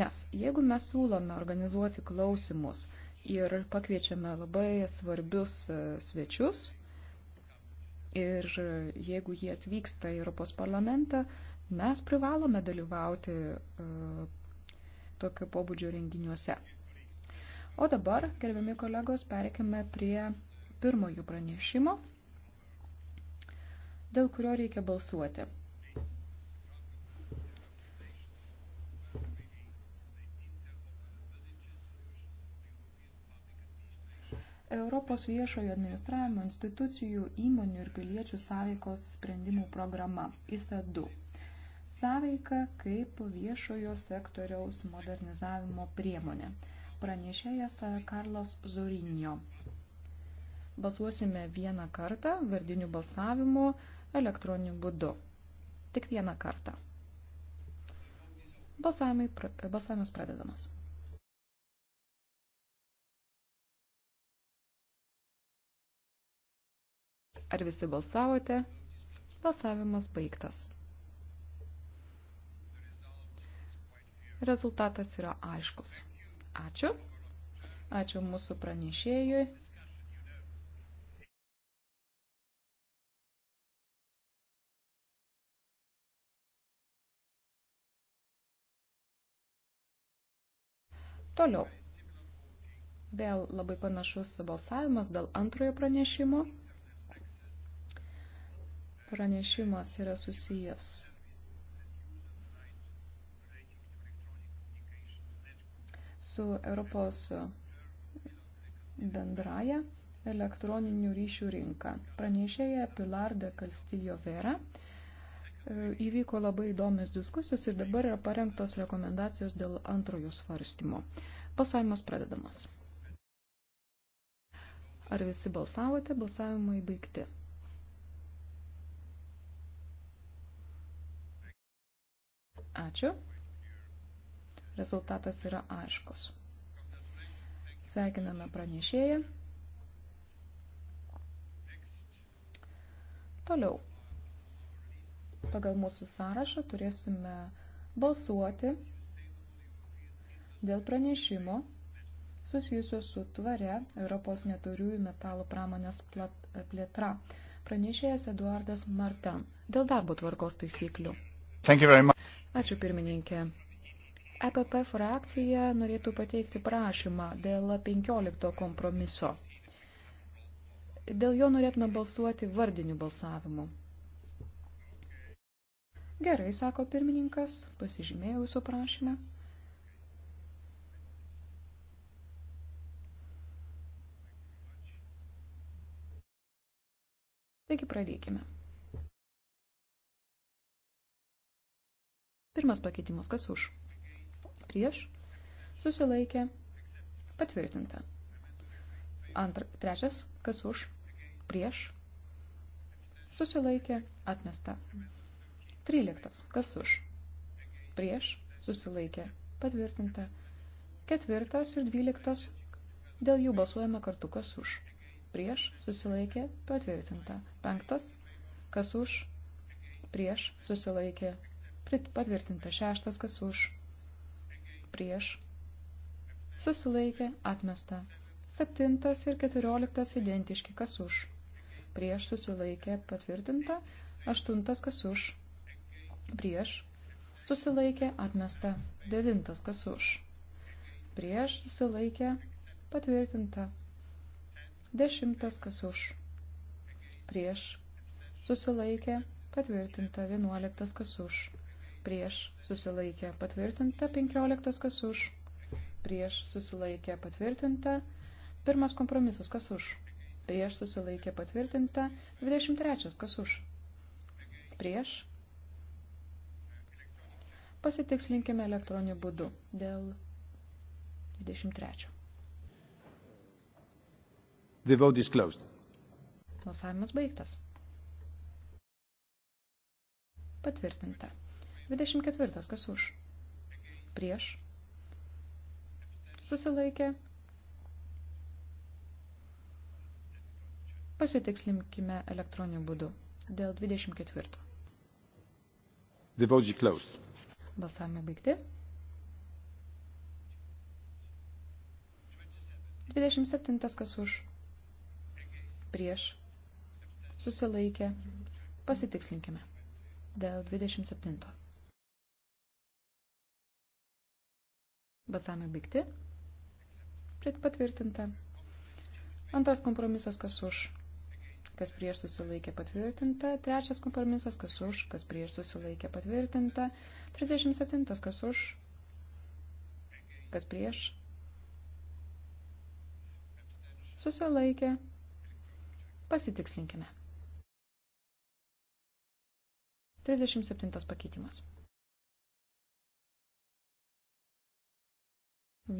Nes jeigu mes siūlome organizuoti klausimus ir pakviečiame labai svarbius e, svečius, ir jeigu jie atvyksta į Europos parlamentą, mes privalome dalyvauti e, tokio pobūdžio renginiuose. O dabar, gerbiami kolegos, perkime prie pirmojų pranešimo dėl kurio reikia balsuoti. Europos viešojo administravimo institucijų įmonių ir piliečių sąveikos sprendimų programa ISA 2. Sąveika kaip viešojo sektoriaus modernizavimo priemonė. Pranešėjas Karlos Zorinio. Balsuosime vieną kartą vardiniu balsavimu elektroniniu būdu. Tik vieną kartą. Balsavimas pradedamas. Ar visi balsavote? Balsavimas baigtas. Rezultatas yra aiškus. Ačiū. Ačiū mūsų pranešėjui. Toliau. Vėl labai panašus balsavimas dėl antrojo pranešimo. Pranešimas yra susijęs su Europos bendraja elektroninių ryšių rinka. Pranešėja Pilar de Castillo Vera. E, įvyko labai įdomios diskusijos ir dabar yra parengtos rekomendacijos dėl antrojų svarstymo. Balsavimas pradedamas. Ar visi balsavote? Balsavimai baigti. Ačiū. Rezultatas yra aiškus. Sveikiname pranešėją. Toliau. Pagal mūsų sąrašą turėsime balsuoti dėl pranešimo susijusio su tvare Europos neturiųjų metalų pramonės plėtra. Pranešėjas Eduardas Martin dėl darbo tvarkos taisyklių. Ačiū pirmininkė. EPP frakcija norėtų pateikti prašymą dėl 15 kompromiso. Dėl jo norėtume balsuoti vardiniu balsavimu. Gerai, sako pirmininkas, pasižymėjau jūsų prašymę. Taigi pradėkime. Pirmas pakeitimas, kas už? Prieš, susilaikė, patvirtinta. Antra, trečias, kas už? Prieš, susilaikė, atmesta. 13. Kas už? Prieš susilaikė patvirtinta. Ketvirtas ir dvyliktas. Dėl jų balsuojame kartu kas už. Prieš susilaikė patvirtinta. Penktas. Kas už. Prieš susilaikė patvirtinta. Šeštas. Kas už. Prieš susilaikė atmesta. Septintas ir keturioliktas identiški. Kas už. Prieš susilaikė patvirtinta. Aštuntas. Kas už prieš, susilaikė, atmesta. Devintas, kas už, prieš, susilaikė, patvirtinta. Dešimtas, kas už, prieš, susilaikė, patvirtinta. Vienuoliktas, kas už, prieš, susilaikė, patvirtinta. Penkioliktas, kas už, prieš, susilaikė, patvirtinta. Pirmas kompromisas, kas už? Prieš susilaikė patvirtinta. 23. Kas už? Prieš Pasitikslinkime elektroniniu būdu dėl 23. The vote is closed. Balsavimas baigtas. Patvirtinta. 24. Kas už? Prieš. Susilaikė. Pasitikslinkime elektroniniu būdu dėl 24. The vote is closed. Balsavimai baigti. 27. Kas už? Prieš. Susilaikė. Pasitikslinkime. Dėl 27. Balsavimai baigti. Patvirtinta. Antras kompromisas, kas už kas prieš susilaikė patvirtinta, trečias kompromisas, kas už, kas prieš susilaikė patvirtinta, 37, kas už, kas prieš susilaikė, pasitikslinkime. 37 pakeitimas.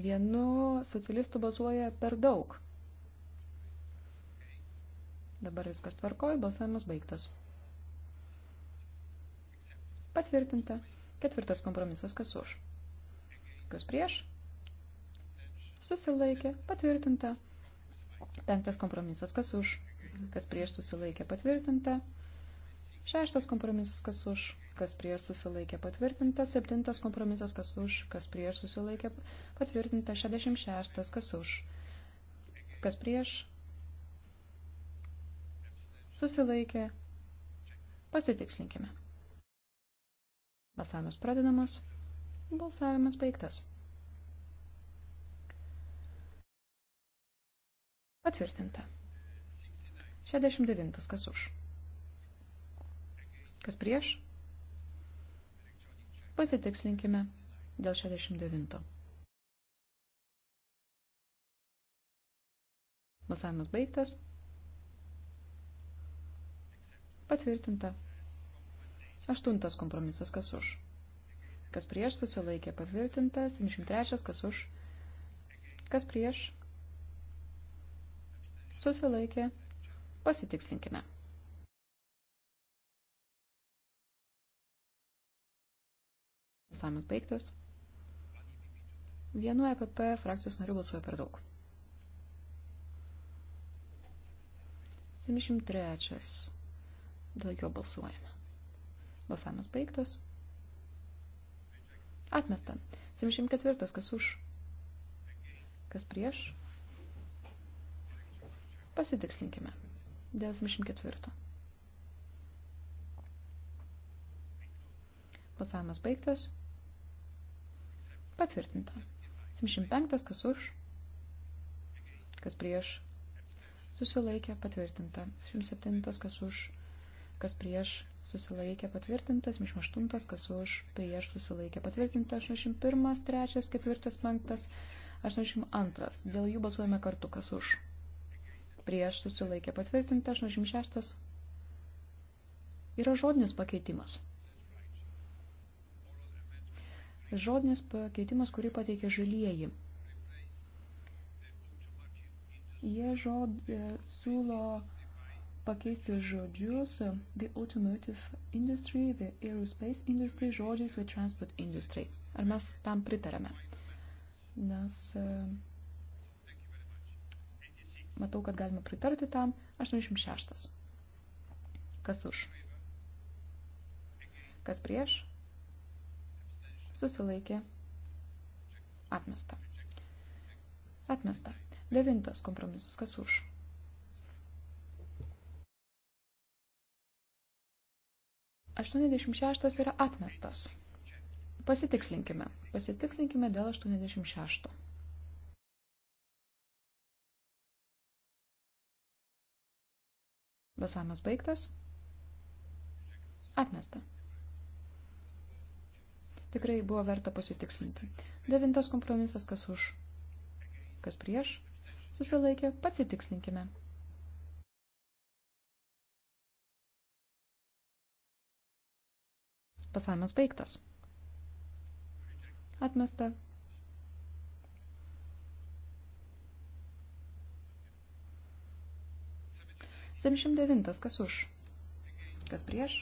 Vienu socialistu bazuoja per daug. Dabar viskas tvarkoja, balsavimas baigtas. Patvirtinta. Ketvirtas kompromisas, kas už. Kas prieš? Susilaikė, patvirtinta. Penktas kompromisas, kas už. Kas prieš susilaikė, patvirtinta. Šeštas kompromisas, kas už. Kas prieš susilaikė, patvirtinta. Septintas kompromisas, kas už. Kas prieš susilaikė, patvirtinta. Šešdešimt šeštas, kas už. Kas prieš susilaikė, pasitikslinkime. Balsavimas pradedamas, balsavimas baigtas. Patvirtinta. 69. Kas už? Kas prieš? Pasitikslinkime dėl 69. Balsavimas baigtas. Patvirtinta. Aštuntas kompromisas, kas už. Kas prieš susilaikė patvirtinta. 73, kas už. Kas prieš susilaikė. Pasitikslinkime. Samis baigtas. Vienu EPP frakcijos nariu balsuoja per daug. 73. Dėl jo balsuojame. Balsavimas baigtas. Atmesta. 74. Kas už? Kas prieš? Pasitikslinkime. Dėl 74. Balsavimas baigtas. Patvirtinta. 75. Kas už? Kas prieš? Susilaikė. Patvirtinta. 77. Kas už? kas prieš susilaikė patvirtintas, 28, kas už prieš susilaikė patvirtintas, 81, 3, 4, 5, 82. Dėl jų balsuojame kartu, kas už prieš susilaikė patvirtintas, 86. Yra žodinis pakeitimas. Žodinis pakeitimas, kurį pateikė žalieji. Jie žod, e, siūlo pakeisti žodžius the automotive industry, the aerospace industry žodžiais the transport industry. Ar mes tam pritarėme? Nes e, matau, kad galime pritarti tam. 86. Kas už? Kas prieš? Susilaikė. Atmesta. Atmesta. Devintas kompromisas. Kas už? 86 yra atmestas. Pasitikslinkime. Pasitikslinkime dėl 86. Balsavimas baigtas. Atmesta. Tikrai buvo verta pasitikslinti. Devintas kompromisas, kas už, kas prieš, susilaikė, pasitikslinkime. Pasavimas baigtas. Atmesta. Semšim devintas, kas už? Kas prieš?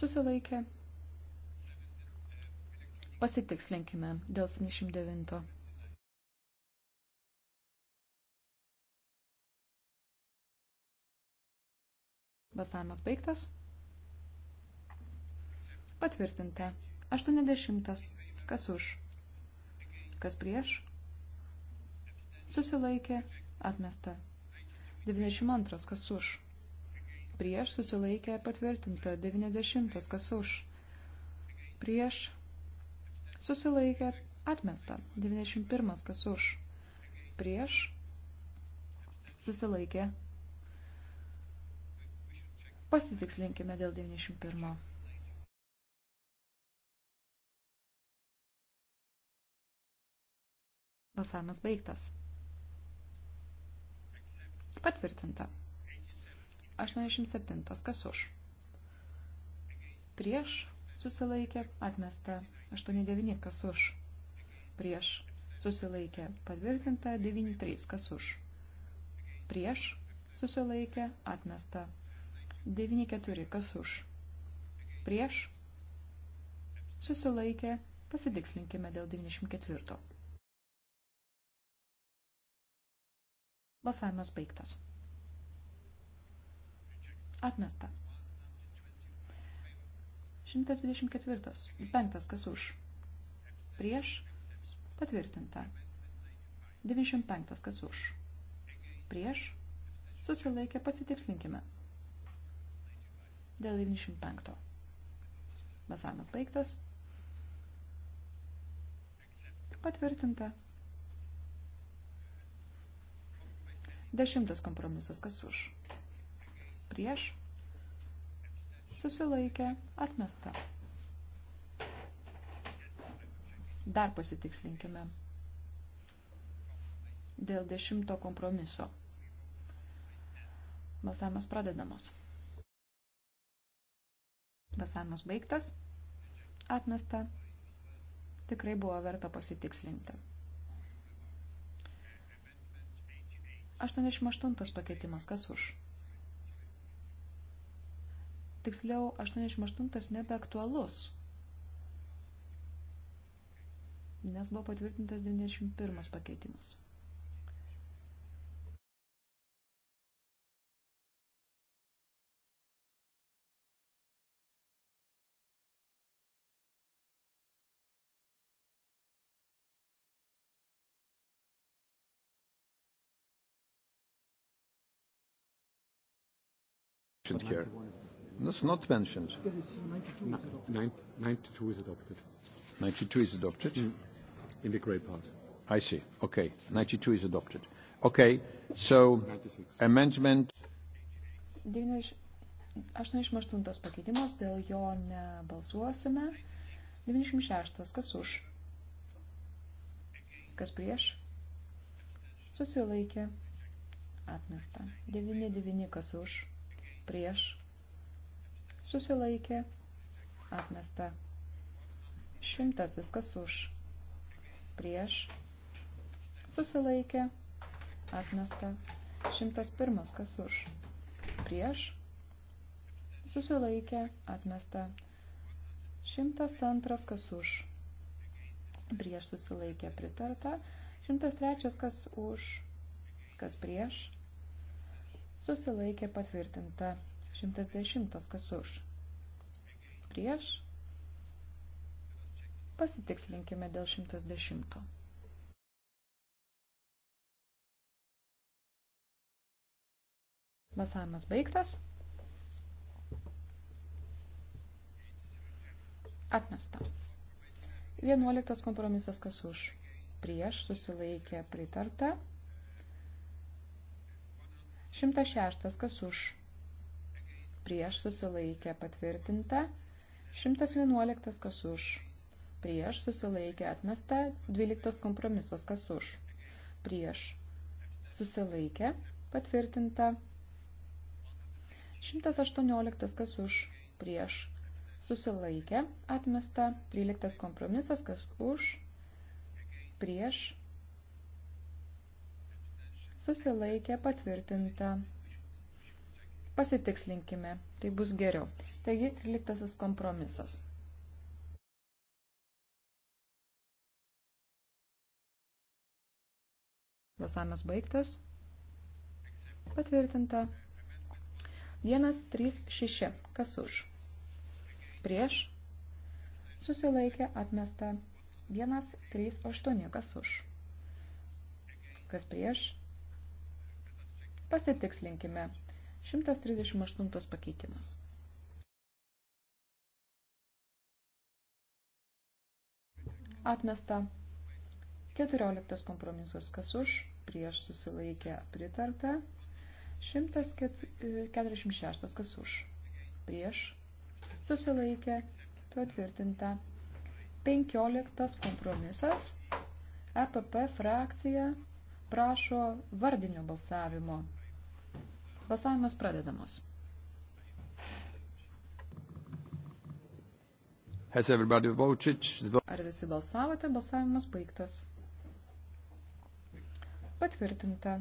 Susilaikė. Pasitikslinkime dėl 79. Balsavimas baigtas. Patvirtinta. 80. Kas už? Kas prieš? Susilaikė. Atmesta. 92. Kas už? Prieš susilaikė patvirtinta. 90. Kas už? Prieš susilaikė atmesta. 91. Kas už? Prieš susilaikė. Pasitikslinkime dėl 91. Balsavimas baigtas. Patvirtinta. 87. Kas už? Prieš susilaikė, atmesta. 89. Kas už? Prieš susilaikė, patvirtinta. 93. Kas už? Prieš susilaikė, atmesta. 94. Kas už? Prieš susilaikė, pasitikslinkime dėl 94. Balsavimas baigtas. Atmesta. 124. 5. Kas už? Prieš. Patvirtinta. 95. Kas už? Prieš. Susilaikė. Pasitikslinkime. Dėl 95. Balsavimas baigtas. Patvirtinta. Dešimtas kompromisas, kas už? Prieš. Susilaikė, atmesta. Dar pasitikslinkime dėl dešimto kompromiso. Balsavimas pradedamas. Balsavimas baigtas. Atmesta. Tikrai buvo verta pasitikslinti. 88 pakeitimas, kas už? Tiksliau, 88 nebeaktualus, nes buvo patvirtintas 91 pakeitimas. mentioned here. That's not mentioned. 92 is adopted. 92 is adopted? Mm. In the gray part. I see. Okay. 92 is adopted. Okay. So 96. amendment. 88 pakeitimas, dėl jo nebalsuosime. 96. Kas už? Kas prieš? Susilaikė. Atmesta. 99. Kas už? prieš, susilaikė, atmesta. Šimtasis kas už, prieš, susilaikė, atmesta. Šimtas pirmas kas už, prieš, susilaikė, atmesta. Šimtas antras kas už, prieš susilaikė, pritarta. Šimtas trečias kas už, kas prieš, susilaikė patvirtinta 110 kas už. Prieš pasitikslinkime dėl 110. Balsavimas baigtas. Atmesta. 11 kompromisas kas už. Prieš susilaikė pritarta. 106. Kas už? Prieš susilaikė patvirtinta. 111. Kas už? Prieš susilaikė atmesta. 12. Kompromisas. Kas už? Prieš susilaikė patvirtinta. 118. Kas už? Prieš susilaikė atmesta. 13. Kompromisas. Kas už? Prieš susilaikė patvirtinta. Pasitikslinkime, tai bus geriau. Taigi, 13 kompromisas. Balsavimas baigtas. Patvirtinta. 1, 3, 6. Kas už? Prieš. Susilaikė atmesta. 1, 3, 8. Kas už? Kas prieš? Pasitikslinkime. 138 pakeitimas. Atmesta. 14 kompromisas kas už, prieš susilaikė pritarta. 146 kas už, prieš susilaikė patvirtinta. 15 kompromisas EPP frakcija prašo vardinio balsavimo. Balsavimas pradedamas. Ar visi balsavote? Balsavimas baigtas. Patvirtinta.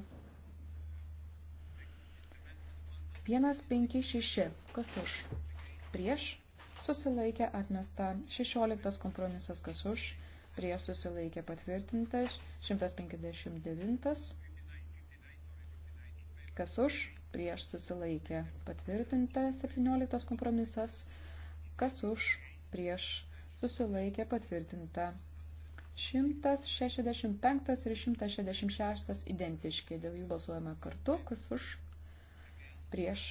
156. Kas už? Prieš. Susilaikė atmesta. 16. Kompromisas. Kas už? Prieš susilaikė patvirtintas. 159. Kas už? prieš susilaikė patvirtinta 17 kompromisas, kas už prieš susilaikė patvirtinta 165 ir 166 identiški, dėl jų balsuojame kartu, kas už prieš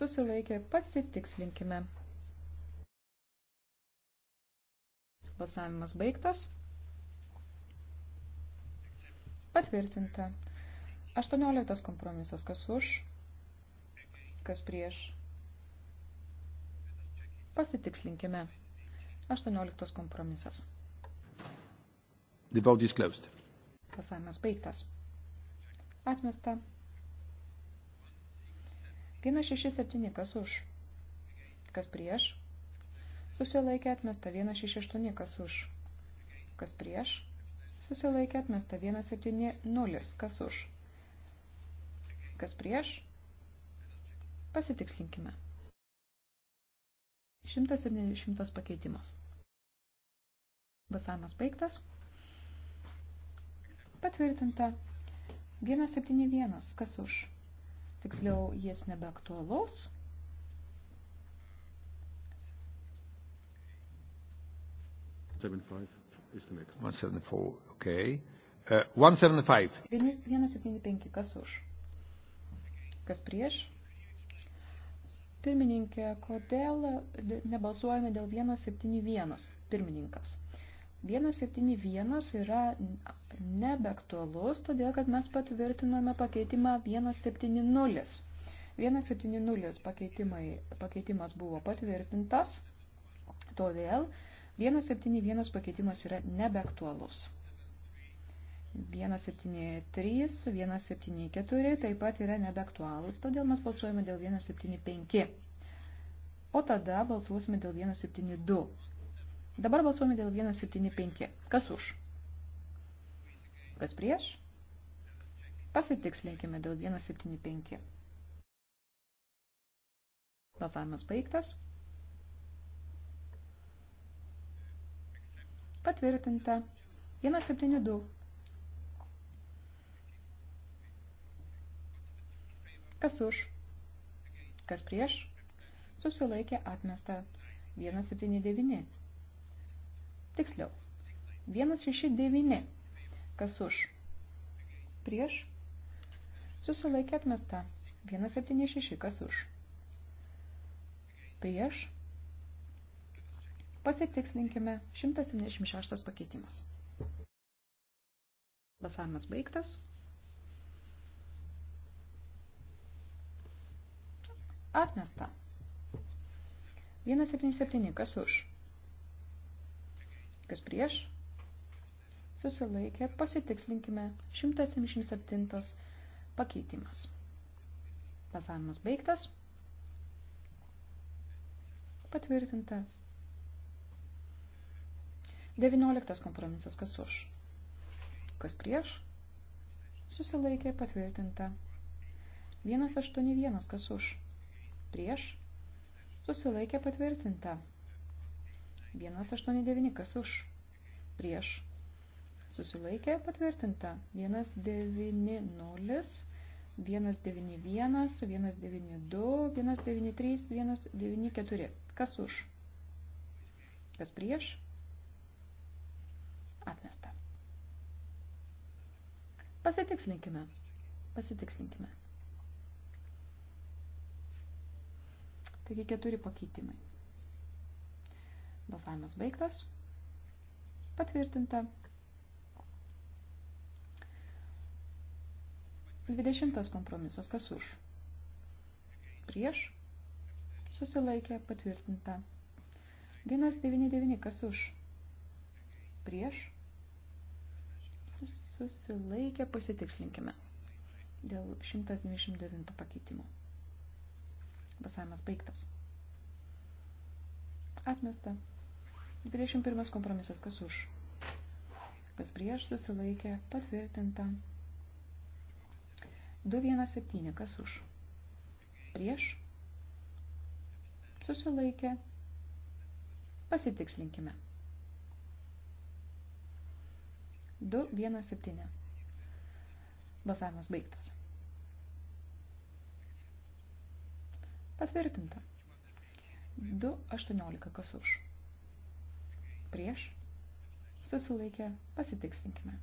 susilaikė pasitikslinkime. Balsavimas baigtas. Patvirtinta. 18 kompromisas. Kas už? Kas prieš? Pasitikslinkime. 18 kompromisas. The vote is closed. Balsavimas baigtas. Atmesta. 167 kas už. Kas prieš? Susilaikė atmesta 168 kas už. Kas prieš? Susilaikė atmesta 170 kas už kas prieš. Pasitikslinkime. 170 pakeitimas. Basamas baigtas. Patvirtinta. 171. Kas už? Tiksliau, jis nebeaktualus. is the next. 174, okay. Uh, 175. 175, kas už? Kas prieš? Pirmininkė, kodėl nebalsuojame dėl 171? Pirmininkas. 171 yra nebeaktualus, todėl kad mes patvirtinome pakeitimą 170. 170 pakeitimas buvo patvirtintas, todėl 171 pakeitimas yra nebeaktualus. 173, 174 taip pat yra nebeaktualūs, todėl mes balsuojame dėl 175. O tada balsuosime dėl 172. Dabar balsuojame dėl 175. Kas už? Kas prieš? Pasitikslinkime dėl 175. Balsavimas baigtas. Patvirtinta. 172. Kas už? Kas prieš? Susilaikė atmesta 179. Tiksliau. 169. Kas už? Prieš? Susilaikė atmesta 176. Kas už? Prieš? Pasitikslinkime 176 pakeitimas. Balsavimas baigtas. Atmesta. 177. Kas už? Kas prieš? Susilaikė. Pasitikslinkime. 177 pakeitimas. Pasavimas baigtas. Patvirtinta. 19 kompromisas. Kas už? Kas prieš? Susilaikė. Patvirtinta. 181. Kas už? prieš, susilaikė patvirtinta. 189 kas už, prieš, susilaikė patvirtinta. 190, 191, 192, 193, 194 kas už, kas prieš, atmesta. Pasitikslinkime. Pasitikslinkime. Taigi keturi pakeitimai. Balsavimas baigtas. Patvirtinta. 20 kompromisas. Kas už? Prieš. Susilaikė. Patvirtinta. 199. Kas už? Prieš. Susilaikė. Pasitikslinkime. Dėl 129 pakeitimų. Balsavimas baigtas. Atmesta. 21 kompromisas. Kas už? Kas prieš susilaikė? Patvirtinta. 217. Kas už? Prieš? Susilaikė. Pasitikslinkime. 217. Balsavimas baigtas. Patvirtinta. 2.18. Kas už? Prieš. Susilaikė. Pasitikslinkime.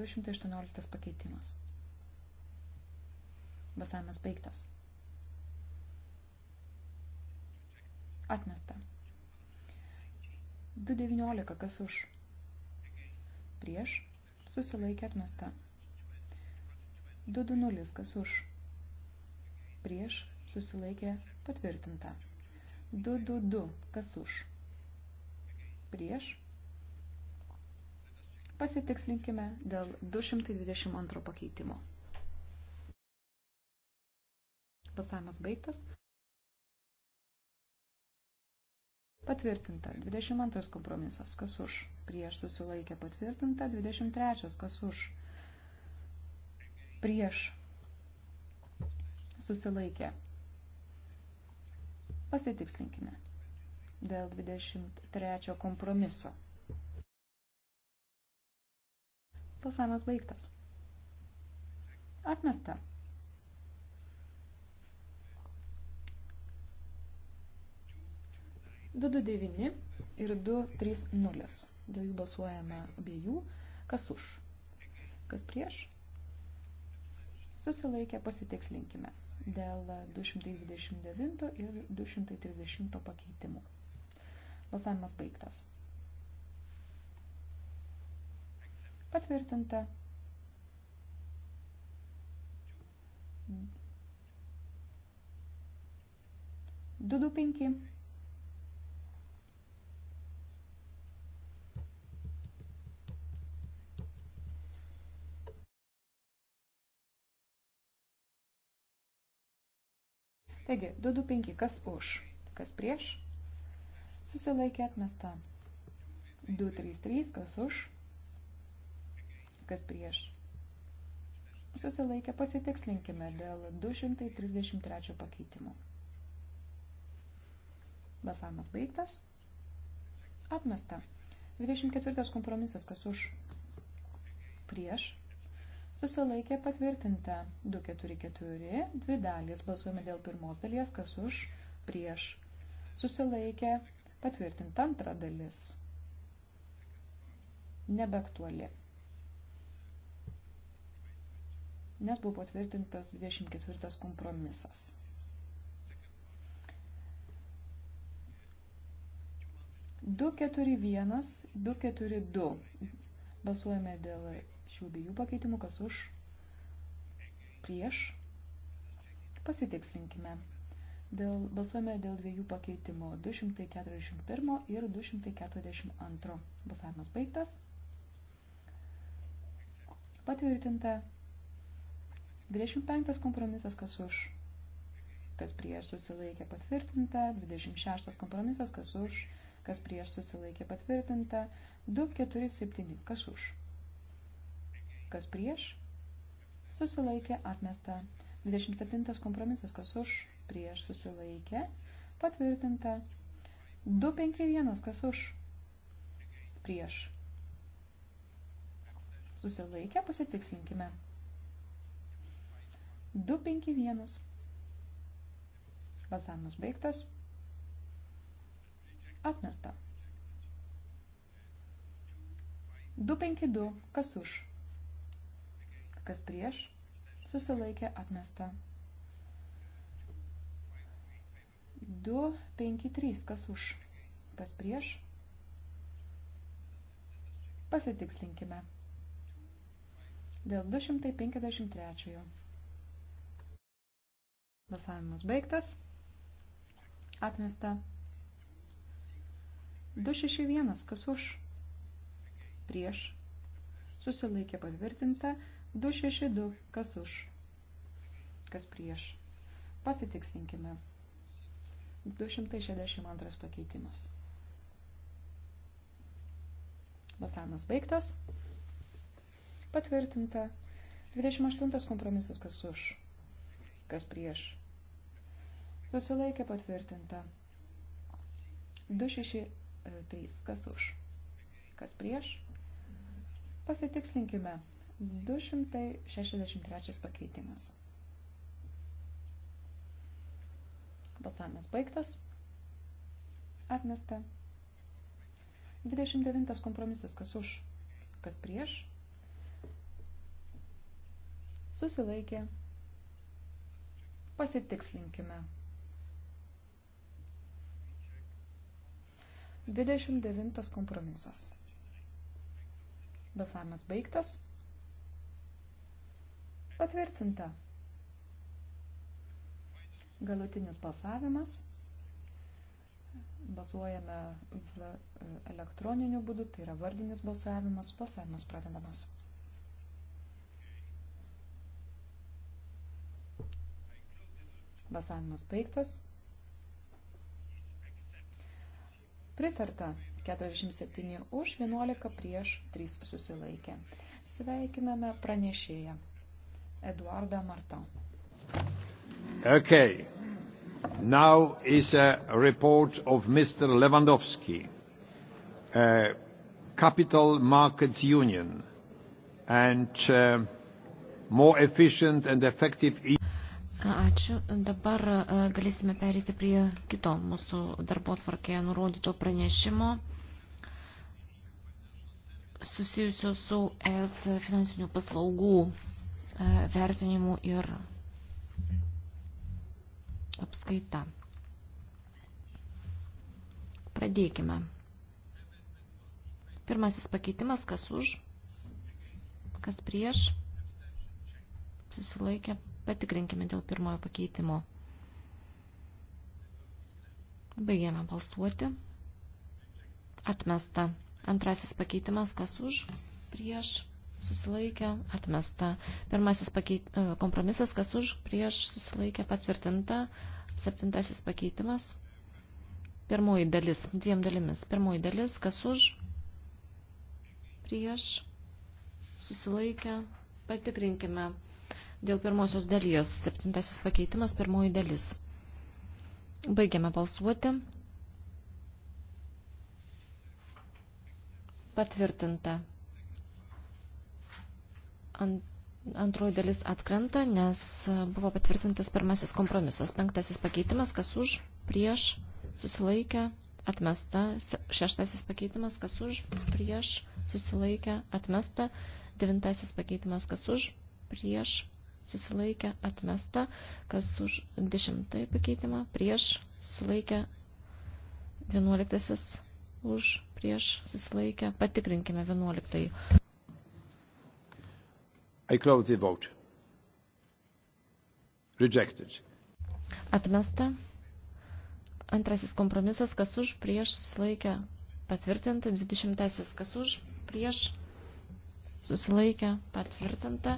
218 pakeitimas. Basavimas baigtas. Atmesta. 2.19. Kas už? Prieš. Susilaikė atmesta. 2.20. Kas už? Prieš susilaikė patvirtinta. 222, kas už, prieš. Pasitikslinkime dėl 222 pakeitimo. Balsavimas baigtas. Patvirtinta. 22 kompromisas. Kas už? Prieš susilaikė patvirtinta. 23. Kas už? Prieš susilaikė Pasitikslinkime dėl 23 kompromiso. Balsavimas baigtas. Atmesta. Du du devyni ir du trys nulis. Dėl jų balsuojame abiejų. Kas už? Kas prieš? Susilaikę pasitikslinkime dėl 229 ir 230 pakeitimų. Balsavimas baigtas. Patvirtinta. Du du penki. Taigi, 225, kas už, kas prieš, susilaikė atmesta. 233, kas už, kas prieš. Susilaikė pasitikslinkime dėl 233 pakeitimų. Balsavimas baigtas. Atmesta. 24 kompromisas, kas už prieš susilaikė patvirtinta 244, dvi dalys balsuojame dėl pirmos dalies, kas už, prieš, susilaikė patvirtinta antra dalis, nebeaktuali, nes buvo patvirtintas 24 kompromisas. Du keturi vienas, du keturi du. Balsuojame dėl šių abiejų pakeitimų, kas už, prieš. Pasitikslinkime. Dėl, balsuojame dėl dviejų pakeitimų 241 ir 242. Balsavimas baigtas. Patvirtinta 25 kompromisas, kas už, kas prieš susilaikė patvirtinta, 26 kompromisas, kas už, kas prieš susilaikė patvirtinta, 247, kas už kas prieš, susilaikė atmesta. 27 kompromisas, kas už, prieš, susilaikė, patvirtinta. 251, kas už, prieš, susilaikė, pasitikslinkime. 251. Balsavimas baigtas. Atmesta. 252. Kas už? kas prieš, susilaikė atmesta. 2, 5, 3, kas už, kas prieš, pasitikslinkime. Dėl 253. Balsavimas baigtas. Atmesta. 261, kas už, prieš, susilaikė patvirtinta, 262 262. Kas už? Kas prieš? Pasitikslinkime. 262 pakeitimas. Balsavimas baigtas. Patvirtinta. 28 kompromisas kas už, kas prieš. Susilaikė patvirtinta. 263 kas už, kas prieš. Pasitikslinkime. 263 pakeitimas. Balsavimas baigtas. Atmesta. 29 kompromisas, kas už, kas prieš. Susilaikė. Pasitikslinkime. 29 kompromisas. Balsavimas baigtas. Patvirtinta. Galutinis balsavimas. Balsuojame elektroniniu būdu, tai yra vardinis balsavimas. Balsavimas pradedamas. Balsavimas baigtas. Pritarta 47 už, 11 prieš, 3 susilaikė. Sveikiname pranešėją. Eduardą Martą. Okay. Now is a report of Mr. Lewandowski, uh, Capital Markets Union and uh, more efficient and effective. E- ačiū. Dabar uh, galėsime perėti prie kito mūsų darbo tvarkėje nurodyto pranešimo susijusio su ES finansinių paslaugų E, vertinimu ir apskaita. Pradėkime. Pirmasis pakeitimas, kas už, kas prieš, susilaikė, patikrinkime dėl pirmojo pakeitimo. Baigėme balsuoti. Atmesta. Antrasis pakeitimas, kas už, prieš, susilaikė, atmesta. Pirmasis pakeit, e, kompromisas, kas už, prieš, susilaikė, patvirtinta. Septintasis pakeitimas. Pirmoji dalis, dviem dalimis. Pirmoji dalis, kas už, prieš, susilaikė, patikrinkime. Dėl pirmosios dalies, septintasis pakeitimas, pirmoji dalis. Baigiame balsuoti. Patvirtinta. Ant Antroji dalis atkrenta, nes buvo patvirtintas pirmasis kompromisas. Penktasis pakeitimas, kas už, prieš, susilaikę, atmesta. Šeštasis pakeitimas, kas už, prieš, susilaikę, atmesta. Devintasis pakeitimas, kas už, prieš, susilaikę, atmesta. Kas už dešimtąjį pakeitimą, prieš, susilaikę, vienuoliktasis, už, prieš, susilaikę. Patikrinkime vienuoliktąjį. I close the vote. Rejected. Atmesta. Antrasis kompromisas, kas už, prieš, susilaikę, patvirtinta. Dvidešimtasis, kas už, prieš, susilaikę, patvirtinta.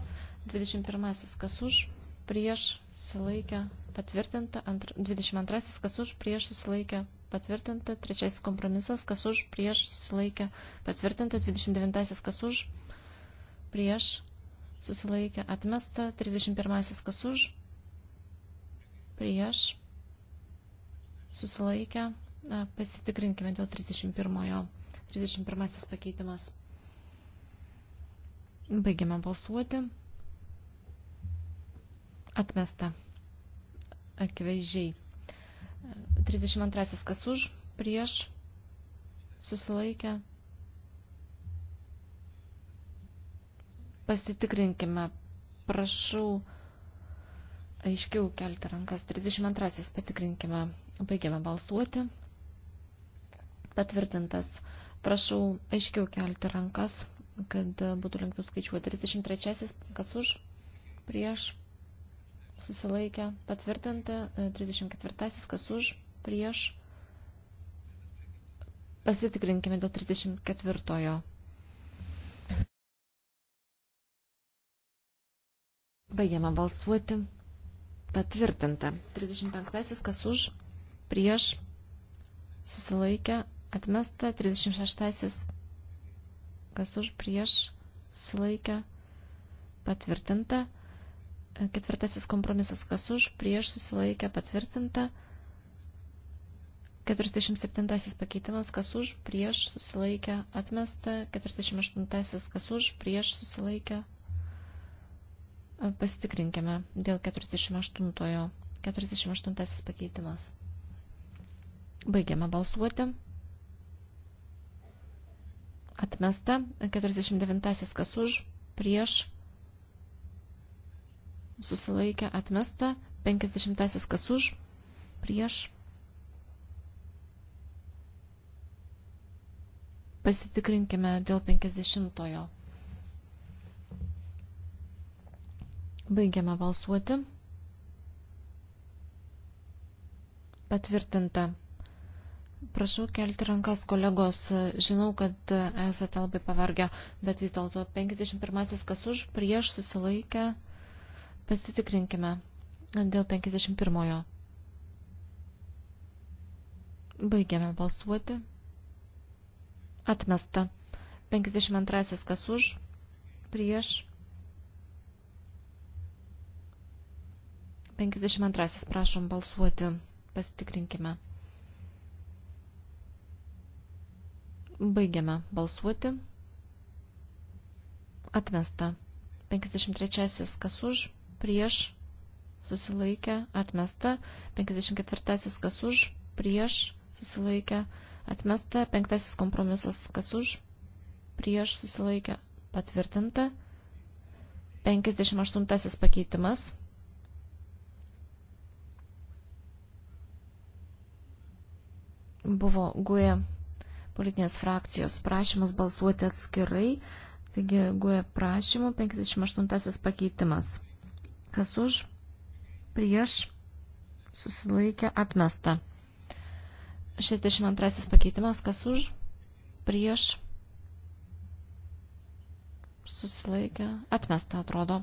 Dvidešimt pirmasis, kas už, prieš, susilaikę, patvirtinta. Dvidešimt antrasis, kas už, prieš, susilaikę, patvirtinta. Trečiasis kompromisas, kas už, prieš, susilaikę, patvirtinta. Dvidešimt devintasis, kas už, prieš, susilaikė atmesta, 31 kas už, prieš, susilaikė, pasitikrinkime dėl 31, 31 pakeitimas. Baigiame balsuoti. Atmesta. Akivaizdžiai. 32 kas už, prieš, susilaikė, Pasitikrinkime. Prašau aiškiau kelti rankas. 32. Patikrinkime. Baigiame balsuoti. Patvirtintas. Prašau aiškiau kelti rankas, kad būtų lengviau skaičiuoti. 33. Kas už? Prieš. Susilaikę. Patvirtinti. 34. Kas už? Prieš. Pasitikrinkime dėl 34. Baigiame balsuoti. Patvirtinta. 35. Kas už? Prieš. Susilaikę. Atmesta. 36. Kas už? Prieš. Susilaikę. Patvirtinta. Ketvirtasis kompromisas. Kas už? Prieš. Susilaikę. Patvirtinta. 47 pakeitimas, kas už, prieš susilaikę, atmesta, 48 kas už, prieš susilaikę, Pasitikrinkime dėl 48. 48 pakeitimas. Baigiame balsuoti. Atmesta. 49 kas už, prieš, susilaikė, atmesta. 50 kas už, prieš. Pasitikrinkime dėl 50. -ojo. Baigiame balsuoti. Patvirtinta. Prašau kelti rankas, kolegos. Žinau, kad esate labai pavargę, bet vis dėlto 51-asis kas už, prieš susilaikę. Pasitikrinkime dėl 51-ojo. Baigiame balsuoti. Atmesta. 52-asis kas už, prieš 52. Prašom balsuoti. Pasitikrinkime. Baigiame balsuoti. Atmesta. 53. Kas už? Prieš. Susilaikė. Atmesta. 54. Kas už? Prieš. Susilaikė. Atmesta. 5. Kompromisas. Kas už? Prieš. Susilaikė. Patvirtinta. 58. Pakeitimas buvo GUE politinės frakcijos prašymas balsuoti atskirai, taigi GUE prašymų 58 pakeitimas. Kas už, prieš, susilaikė, atmesta. 62 pakeitimas, kas už, prieš, susilaikė, atmesta atrodo.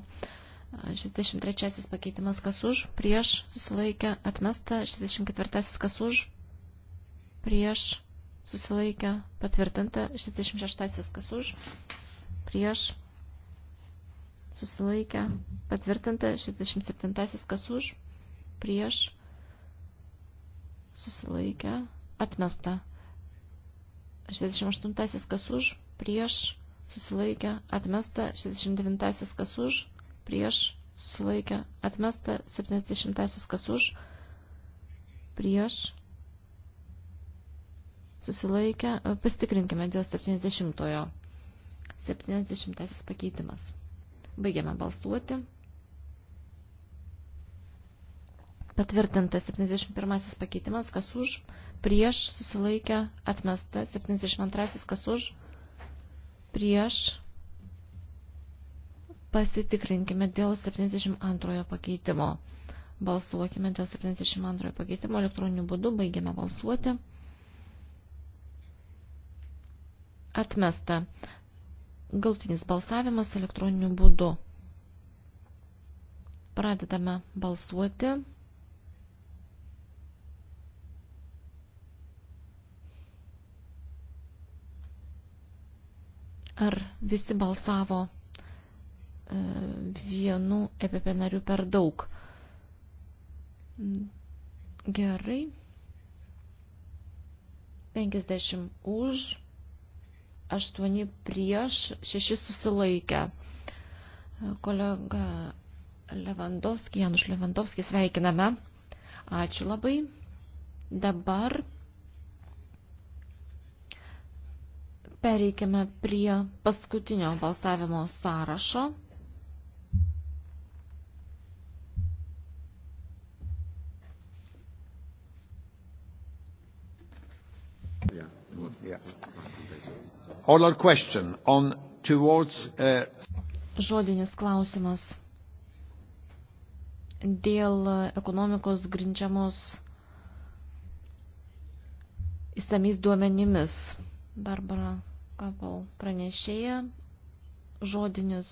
63 pakeitimas, kas už, prieš, susilaikė, atmesta. 64 kas už, prieš susilaikę patvirtinta 66 kas už, prieš susilaikę patvirtinta 67 kas už, prieš susilaikę atmesta 68 kas už, prieš susilaikę atmesta 69 kas už, prieš susilaikę atmesta 70 kas už, prieš susilaikę, e, pasitikrinkime dėl 70-ojo. 70-asis pakeitimas. Baigiame balsuoti. Patvirtinta 71-asis pakeitimas, kas už, prieš susilaikę, atmesta 72-asis, kas už, prieš pasitikrinkime dėl 72 pakeitimo. Balsuokime dėl 72 pakeitimo elektroniniu būdu, baigiame balsuoti. Atmesta. Galtinis balsavimas elektroniniu būdu. Pradedame balsuoti. Ar visi balsavo e, vienu EPP nariu per daug? Gerai. 50 už, 8 prieš, 6 susilaikę. Kolega Levandovskis, Janus Levandovskis, sveikiname. Ačiū labai. Dabar pereikime prie paskutinio balsavimo sąrašo. Yeah. Yeah. Oral question on towards. Uh... Žodinis klausimas dėl ekonomikos grindžiamos įsamiais duomenimis. Barbara Kapal pranešėja, žodinis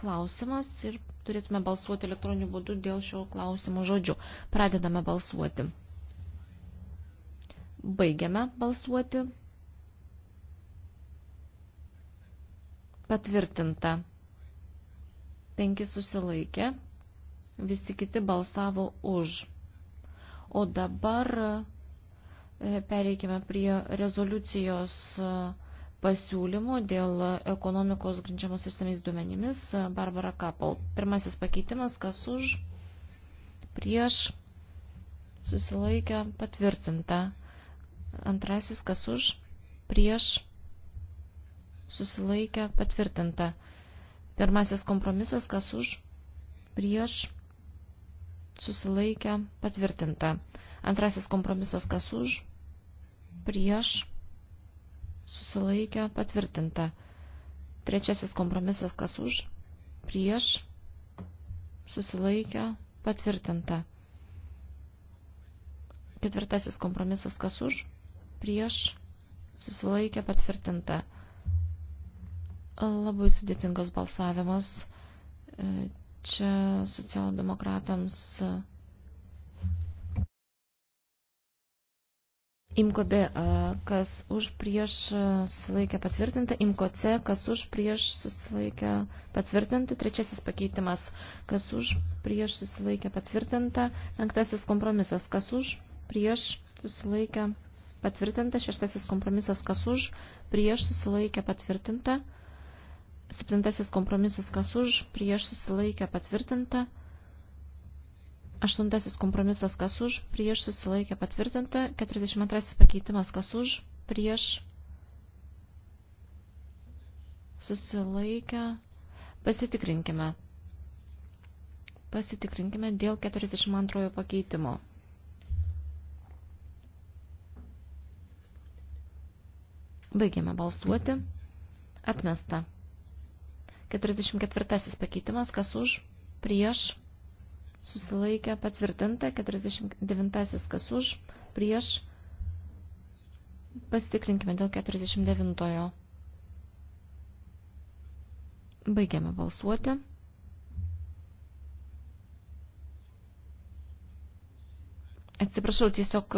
klausimas ir turėtume balsuoti elektroniniu būdu dėl šio klausimo žodžiu. Pradedame balsuoti. Baigiame balsuoti. Patvirtinta. 5 susilaikė. Visi kiti balsavo už. O dabar e, pereikime prie rezoliucijos e, pasiūlymų dėl ekonomikos grindžiamos išsamiais duomenimis. E, Barbara Kapal. Pirmasis pakeitimas, kas už, prieš, susilaikę, patvirtinta. Antrasis, kas už, prieš, susilaikė patvirtinta. Pirmasis kompromisas, kas už, prieš, susilaikė patvirtinta. Antrasis kompromisas, kas už, prieš, susilaikė patvirtinta. Trečiasis kompromisas, kas už, prieš, susilaikė patvirtinta. Ketvirtasis kompromisas, kas už, prieš, susilaikė patvirtinta labai sudėtingas balsavimas. E, čia socialdemokratams e, Imko B, e, kas už prieš susilaikė patvirtinta, Imko C, kas už prieš susilaikė patvirtinta, trečiasis pakeitimas, kas už prieš susilaikė patvirtinta, penktasis kompromisas, kas už prieš susilaikė patvirtinta, šeštasis kompromisas, kas už prieš susilaikė patvirtinta. Septintasis kompromisas kas už, prieš susilaikę patvirtinta. Aštuntasis kompromisas kas už, prieš susilaikę patvirtinta. 42 pakeitimas kas už, prieš susilaikę. Pasitikrinkime. Pasitikrinkime dėl 42 pakeitimo. Baigiame balsuoti. Atmesta. 44 pakeitimas, kas už, prieš, susilaikė, patvirtinta, 49 kas už, prieš, pasitikrinkime dėl 49-ojo. Baigiame balsuoti. Atsiprašau, tiesiog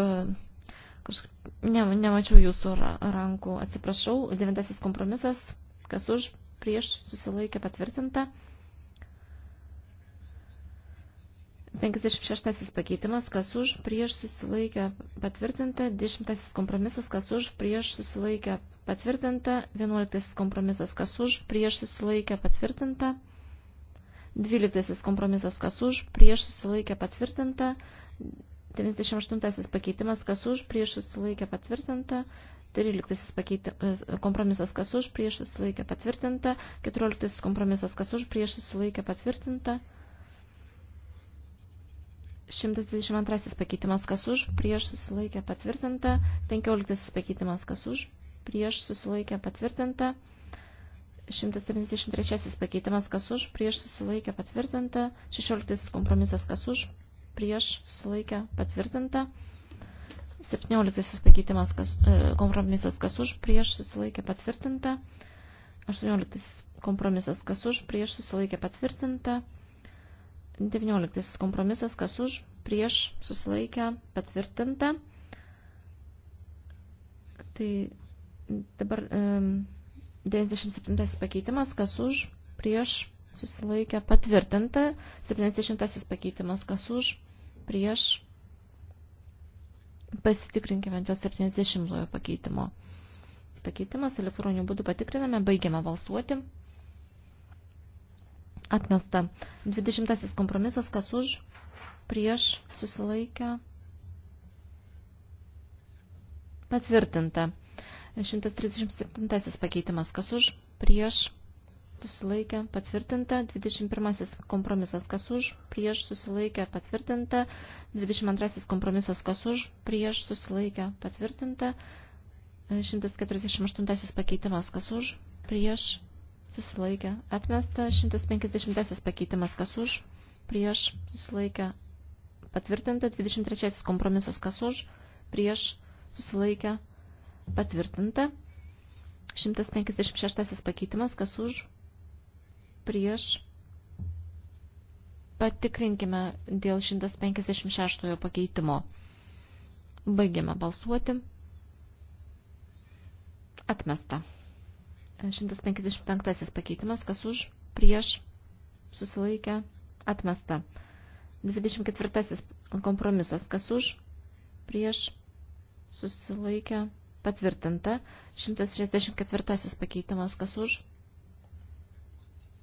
kažkaip ne, nemačiau jūsų rankų. Atsiprašau, devintasis kompromisas, kas už, prieš susilaikė patvirtinta. 56 pakeitimas, kas už, prieš susilaikę patvirtinta, 10 kompromisas, kas už, prieš susilaikę patvirtinta, 11 kompromisas, kas už, prieš susilaikę patvirtinta, 12 kompromisas, kas už, prieš susilaikę patvirtinta, 98 pakeitimas, kas už, prieš susilaikę patvirtinta, 13 pakeitė, e, kompromisas kas už, prieš susilaikė patvirtinta. 14 kompromisas kas už, prieš susilaikė patvirtinta. 122 pakeitimas kas už, prieš susilaikė patvirtinta. 15 pakeitimas kas už, prieš susilaikė patvirtinta. 173 pakeitimas kas už, prieš susilaikė patvirtinta, 16 kompromisas kas už, prieš susilaikė patvirtinta, 17 pakeitimas, kas, e, kompromisas kas už, prieš susilaikė patvirtinta. 18 kompromisas kas už, prieš susilaikė patvirtinta. 19 kompromisas kas už, prieš susilaikė patvirtinta. Tai dabar 97 e, pakeitimas kas už, prieš susilaikė patvirtinta. 70 pakeitimas kas už, prieš Pasitikrinkime dėl 70 pakeitimo. Pakeitimas elektroniniu būdu patikriname, baigiame balsuoti. Atmesta. 20 kompromisas, kas už, prieš, susilaikę. Patvirtinta. 137 pakeitimas, kas už, prieš, susilaikė patvirtinta, 21 kompromisas kas už, prieš susilaikė patvirtinta, 22 kompromisas kas už, prieš susilaikė patvirtinta, 148 pakeitimas kas už, prieš susilaikė atmesta, 150 pakeitimas kas už, prieš susilaikė patvirtinta, 23 kompromisas kas už, prieš susilaikė patvirtinta, 156 pakeitimas kas už, prieš. Patikrinkime dėl 156 pakeitimo. Baigiame balsuoti. Atmesta. 155 pakeitimas, kas už, prieš, susilaikę, atmesta. 24 kompromisas, kas už, prieš, susilaikę, atmesta patvirtinta. 164 pakeitimas kas už,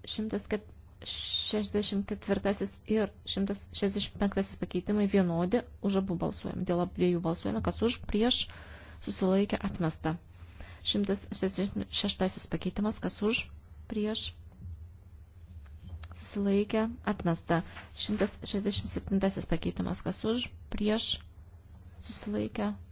164 ir 165 pakeitimai vienodi, už abu balsuojame. Dėl abiejų balsuojame, kas už, prieš, susilaikė, atmesta. 166 pakeitimas, kas už, prieš, susilaikė, atmesta. 167 pakeitimas, kas už, prieš, susilaikė, atmesta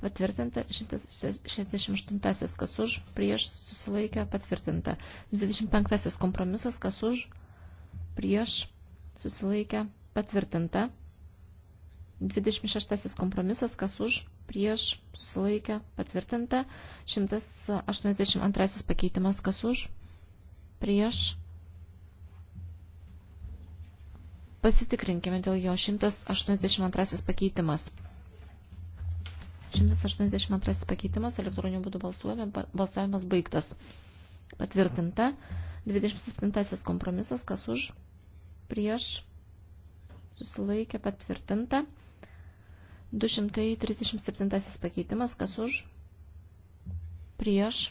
patvirtinta 168, kas už, prieš, susilaikė, patvirtinta. 25 kompromisas, kas už, prieš, susilaikė, patvirtinta. 26 kompromisas, kas už, prieš, susilaikė, patvirtinta. 182 pakeitimas, kas už, prieš. Pasitikrinkime dėl jo 182 pakeitimas. 182 pakeitimas elektroniniu būdu balsuojame, balsavimas baigtas. Patvirtinta. 27 kompromisas, kas už, prieš, susilaikė, patvirtinta. 237 pakeitimas, kas už, prieš,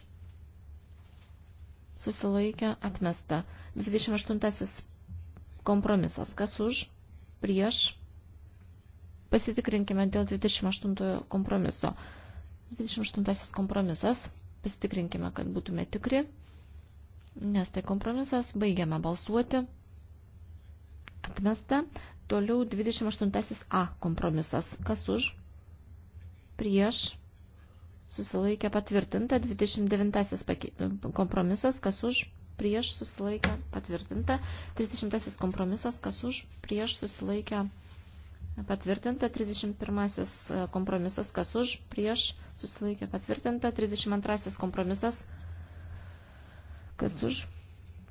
susilaikė, atmesta. 28 kompromisas, kas už, prieš, Pasitikrinkime dėl 28 kompromiso. 28 kompromisas. Pasitikrinkime, kad būtume tikri, nes tai kompromisas. Baigiame balsuoti. Atmesta. Toliau 28a kompromisas. Kas už? Prieš. Susilaikė patvirtinta. 29 kompromisas. Kas už? Prieš susilaikę patvirtinta. 30 kompromisas. Kas už? Prieš susilaikę patvirtinta Patvirtinta 31 e, kompromisas, kas už, prieš, susilaikė. Patvirtinta 32 kompromisas, kas už,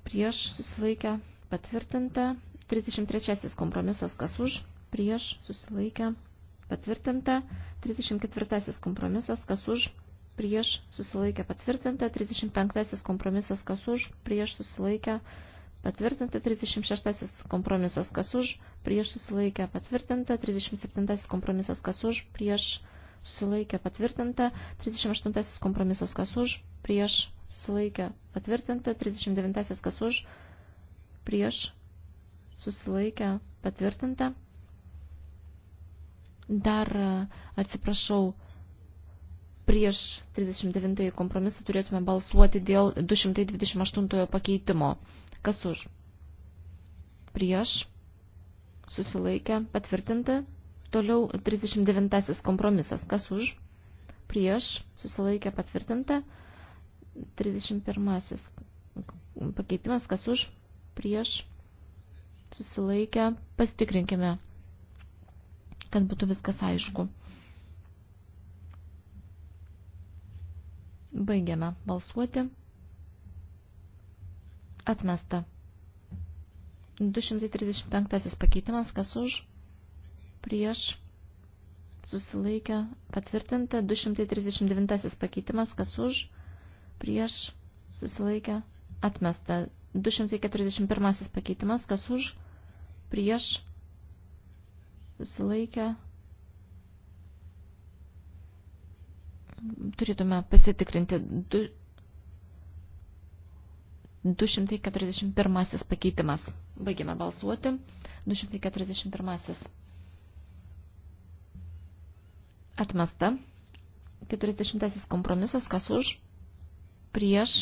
prieš, susilaikė. Patvirtinta 33 kompromisas, kas už, prieš, susilaikė. Patvirtinta 34 kompromisas, kas už, prieš, susilaikė. Patvirtinta 35 kompromisas, kas už, prieš, susilaikė. Patvirtinta, Patvirtinta 36 kompromisas kas už, prieš susilaikę patvirtinta, 37 kompromisas kas už, prieš susilaikę patvirtinta, 38 kompromisas kas už, prieš susilaikę patvirtinta, 39 kas už, prieš susilaikę patvirtinta. Dar atsiprašau, prieš 39 kompromisą turėtume balsuoti dėl 228 pakeitimo. Kas už? Prieš. Susilaikę. Patvirtinti. Toliau 39 kompromisas. Kas už? Prieš. Susilaikę. Patvirtinti. 31 pakeitimas. Kas už? Prieš. Susilaikę. Pasitikrinkime, kad būtų viskas aišku. Mm. Baigiame balsuoti. Atmesta. 235 pakeitimas, kas už, prieš, susilaikę, patvirtinta. 239 pakeitimas, kas už, prieš, susilaikę, atmesta. 241 pakeitimas, kas už, prieš, susilaikę, turėtume pasitikrinti 241 pakeitimas. Baigime balsuoti. 241. Atmesta. 40 kompromisas, kas už, prieš,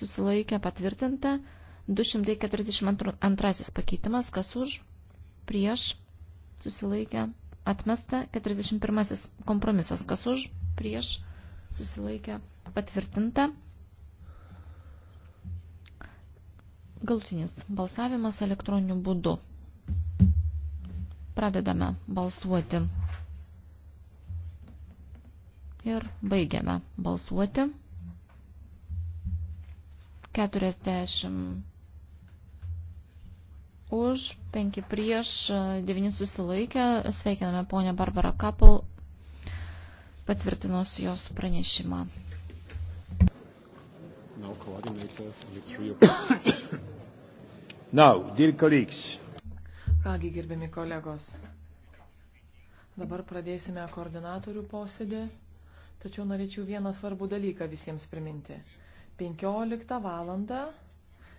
susilaikė patvirtinta. 242 pakeitimas, kas už, prieš, susilaikė Atmesta 41 kompromisas. Kas už? Prieš susilaikė patvirtinta. Galutinis balsavimas elektroniniu būdu. Pradedame balsuoti. Ir baigiame balsuoti. 40 už, 5 prieš, 9 susilaikę. Sveikiname ponę Barbarą Kapel patvirtinus jos pranešimą. Now, Now, dear colleagues. Kągi, gerbiami kolegos, dabar pradėsime koordinatorių posėdį, tačiau norėčiau vieną svarbų dalyką visiems priminti. 15 valandą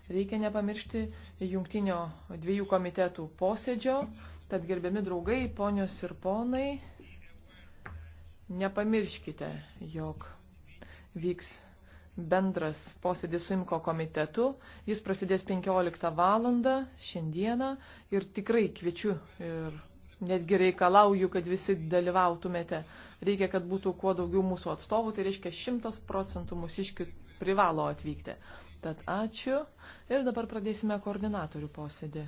Reikia nepamiršti jungtinio dviejų komitetų posėdžio, tad gerbiami draugai, ponios ir ponai, nepamirškite, jog vyks bendras posėdis su Imko komitetu. Jis prasidės 15 val. šiandieną ir tikrai kviečiu ir netgi reikalauju, kad visi dalyvautumėte. Reikia, kad būtų kuo daugiau mūsų atstovų, tai reiškia 100 procentų mūsiškių privalo atvykti. Tad ačiū ir dabar pradėsime koordinatorių posėdį.